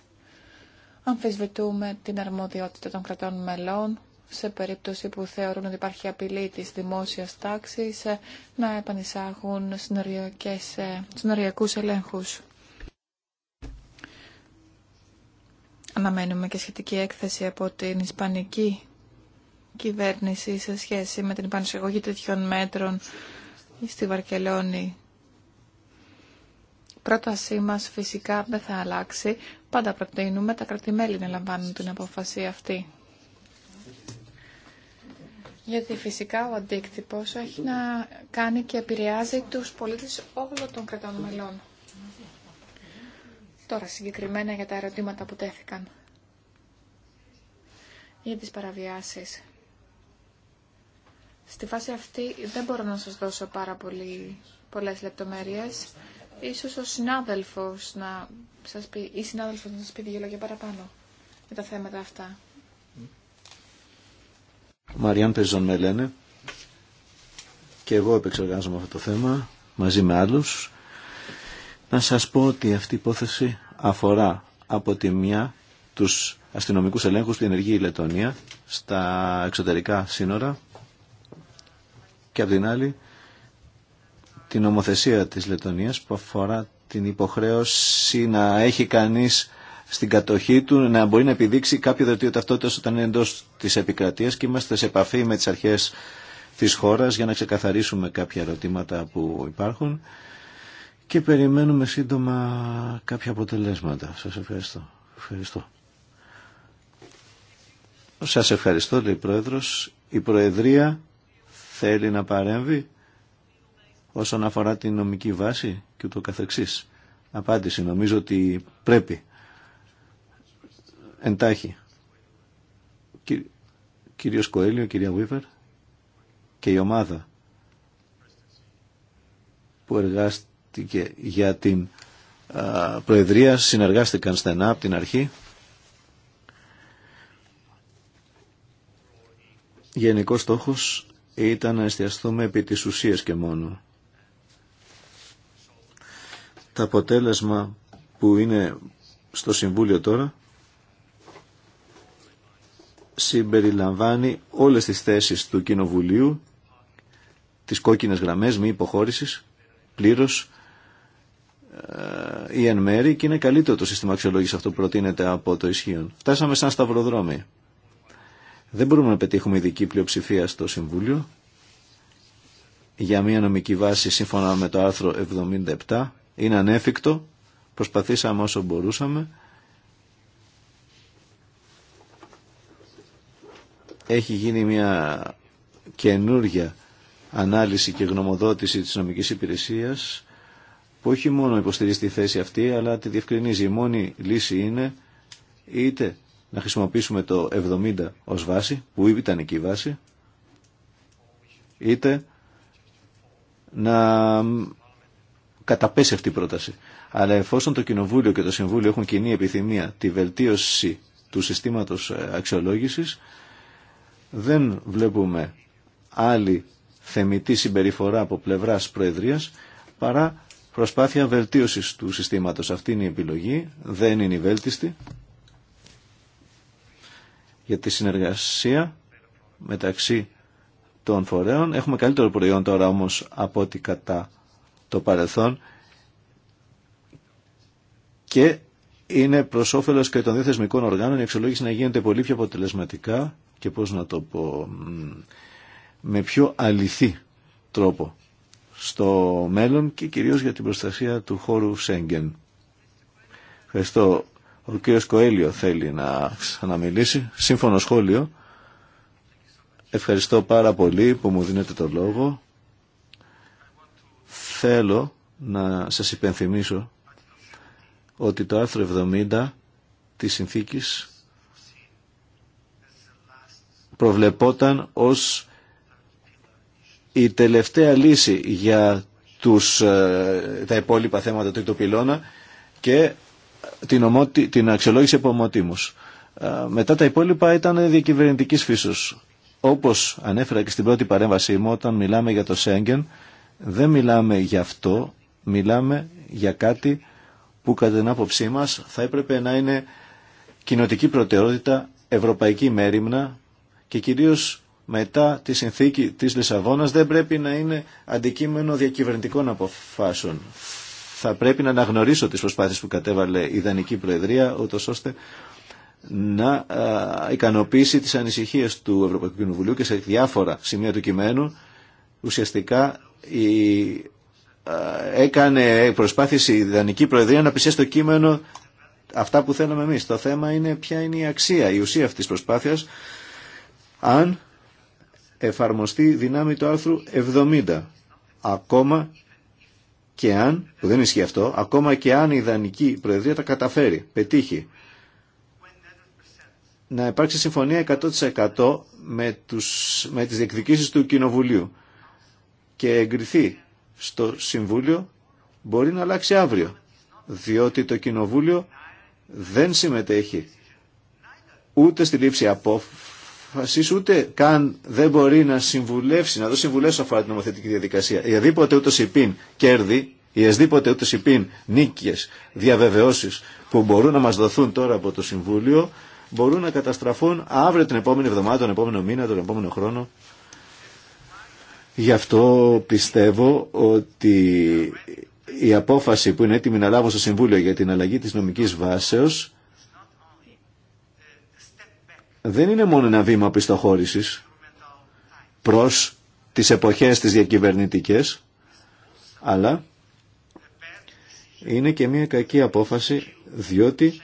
αμφισβητούμε την αρμοδιότητα των κρατών μελών σε περίπτωση που θεωρούν ότι υπάρχει απειλή της δημόσιας τάξης ε, να επανεισάγουν ε, συνοριακούς ελέγχους. Αναμένουμε και σχετική έκθεση από την Ισπανική κυβέρνηση σε σχέση με την επανεισαγωγή τέτοιων μέτρων στη Βαρκελόνη. Πρότασή μας φυσικά δεν θα αλλάξει. Πάντα προτείνουμε τα κρατημέλη να λαμβάνουν την αποφασία αυτή. Γιατί φυσικά ο αντίκτυπος έχει να κάνει και επηρεάζει τους πολίτες όλων των κρατών μελών. Τώρα συγκεκριμένα για τα ερωτήματα που τέθηκαν. Για τις παραβιάσεις. Στη φάση αυτή δεν μπορώ να σας δώσω πάρα πολύ, πολλές λεπτομέρειες. Ίσως ο συνάδελφος να σας πει, ή συνάδελφος να σας πει δύο λόγια παραπάνω για τα θέματα αυτά. Μαριάν Πεζόν με και εγώ επεξεργάζομαι αυτό το θέμα μαζί με άλλους. Να σας πω ότι αυτή η υπόθεση αφορά από τη μια τους αστυνομικούς ελέγχους που ενεργεί η Λετωνία στα εξωτερικά σύνορα και από την άλλη την ομοθεσία της Λετωνίας που αφορά την υποχρέωση να έχει κανείς στην κατοχή του να μπορεί να επιδείξει κάποιο δελτίο ταυτότητα όταν είναι εντό τη επικρατεία και είμαστε σε επαφή με τι αρχέ τη χώρα για να ξεκαθαρίσουμε κάποια ερωτήματα που υπάρχουν και περιμένουμε σύντομα κάποια αποτελέσματα. Σα ευχαριστώ. ευχαριστώ. Σας ευχαριστώ, λέει Πρόεδρος. Η Προεδρία θέλει να παρέμβει όσον αφορά την νομική βάση και ούτω καθεξής. Απάντηση νομίζω ότι πρέπει εντάχει. Κυ... Κύριος Κοέλιο, κυρία Βίβερ και η ομάδα που εργάστηκε για την Προεδρία συνεργάστηκαν στενά από την αρχή. Γενικός στόχος ήταν να εστιαστούμε επί της ουσίας και μόνο. Το αποτέλεσμα που είναι στο Συμβούλιο τώρα συμπεριλαμβάνει όλες τις θέσεις του Κοινοβουλίου, τις κόκκινες γραμμές μη υποχώρησης, πλήρως ε, ή εν μέρη και είναι καλύτερο το σύστημα αξιολόγηση αυτό που προτείνεται από το ισχύον. Φτάσαμε σαν σταυροδρόμι. Δεν μπορούμε να πετύχουμε ειδική πλειοψηφία στο Συμβούλιο για μια νομική βάση σύμφωνα με το άρθρο 77. Είναι ανέφικτο. Προσπαθήσαμε όσο μπορούσαμε. έχει γίνει μια καινούργια ανάλυση και γνωμοδότηση της νομικής υπηρεσίας που όχι μόνο υποστηρίζει τη θέση αυτή αλλά τη διευκρινίζει. Η μόνη λύση είναι είτε να χρησιμοποιήσουμε το 70 ως βάση που ήταν εκεί η βάση είτε να καταπέσει αυτή η πρόταση. Αλλά εφόσον το Κοινοβούλιο και το Συμβούλιο έχουν κοινή επιθυμία τη βελτίωση του συστήματος ε, αξιολόγησης δεν βλέπουμε άλλη θεμητή συμπεριφορά από πλευράς Προεδρίας παρά προσπάθεια βελτίωσης του συστήματος. Αυτή είναι η επιλογή, δεν είναι η βέλτιστη για τη συνεργασία μεταξύ των φορέων. Έχουμε καλύτερο προϊόν τώρα όμως από ό,τι κατά το παρελθόν και είναι προ όφελο και των διεθεσμικών οργάνων η εξολόγηση να γίνεται πολύ πιο αποτελεσματικά και πώς να το πω με πιο αληθή τρόπο στο μέλλον και κυρίως για την προστασία του χώρου Σέγγεν. Ευχαριστώ. Ο κ. Κοέλιο θέλει να ξαναμιλήσει. Σύμφωνο σχόλιο. Ευχαριστώ πάρα πολύ που μου δίνετε το λόγο. Θέλω να σας υπενθυμίσω ότι το άρθρο 70 της συνθήκης προβλεπόταν ως η τελευταία λύση για τους, ε, τα υπόλοιπα θέματα του τρίτου πυλώνα και την, την αξιολόγηση από ομοτήμους. Ε, μετά τα υπόλοιπα ήταν διακυβερνητικής φύσεως. Όπως ανέφερα και στην πρώτη παρέμβασή μου, όταν μιλάμε για το Σέγγεν, δεν μιλάμε για αυτό, μιλάμε για κάτι που κατά την άποψή μας θα έπρεπε να είναι κοινοτική προτεραιότητα, ευρωπαϊκή μέρημνα και κυρίως μετά τη συνθήκη της Λισαβόνας δεν πρέπει να είναι αντικείμενο διακυβερνητικών αποφάσεων. Θα πρέπει να αναγνωρίσω τις προσπάθειες που κατέβαλε η Δανική Προεδρία, ούτως ώστε να ικανοποιήσει τις ανησυχίες του Ευρωπαϊκού Κοινοβουλίου και σε διάφορα σημεία του κειμένου ουσιαστικά η, έκανε προσπάθηση η Ιδανική Προεδρία να πλησιάσει το κείμενο αυτά που θέλαμε εμείς. Το θέμα είναι ποια είναι η αξία, η ουσία αυτής της προσπάθειας αν εφαρμοστεί δυνάμει του άρθρου 70. Ακόμα και αν, που δεν ισχύει αυτό, ακόμα και αν η ιδανική προεδρία τα καταφέρει, πετύχει, να υπάρξει συμφωνία 100% με, τους, με τις διεκδικήσεις του Κοινοβουλίου και εγκριθεί στο Συμβούλιο μπορεί να αλλάξει αύριο, διότι το Κοινοβούλιο δεν συμμετέχει ούτε στη λήψη απόφαση αποφασίσει ούτε καν δεν μπορεί να συμβουλεύσει, να δώσει συμβουλές αφορά την νομοθετική διαδικασία. αδίποτε ούτως υπήν κέρδη, αδίποτε ούτως υπήν νίκες, διαβεβαιώσεις που μπορούν να μας δοθούν τώρα από το Συμβούλιο, μπορούν να καταστραφούν αύριο την επόμενη εβδομάδα, τον επόμενο μήνα, τον επόμενο χρόνο. Γι' αυτό πιστεύω ότι η απόφαση που είναι έτοιμη να λάβω στο Συμβούλιο για την αλλαγή της νομικής βάσεως δεν είναι μόνο ένα βήμα πιστοχώρησης προς τις εποχές της διακυβερνητικές, αλλά είναι και μια κακή απόφαση διότι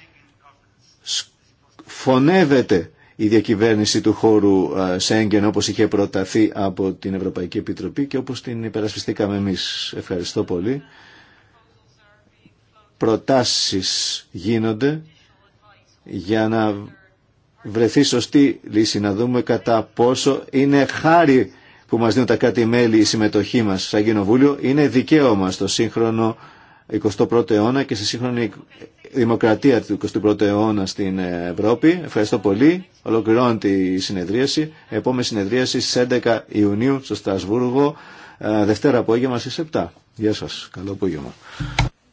φωνεύεται η διακυβέρνηση του χώρου Σέγγεν όπως είχε προταθεί από την Ευρωπαϊκή Επιτροπή και όπως την υπερασπιστήκαμε εμείς. Ευχαριστώ πολύ. Προτάσεις γίνονται για να βρεθεί σωστή λύση, να δούμε κατά πόσο είναι χάρη που μας δίνουν τα κάτι μελη η συμμετοχή μας σαν Κοινοβούλιο, είναι δικαίωμα στο σύγχρονο 21ο αιώνα και στη σύγχρονη δημοκρατία του 21ου αιώνα στην Ευρώπη. Ευχαριστώ πολύ. Ολοκληρώνω τη συνεδρίαση. Επόμενη συνεδρίαση στις 11 Ιουνίου στο Στρασβούργο, ε, Δευτέρα απόγευμα στις 7. Γεια σας. Καλό απόγευμα.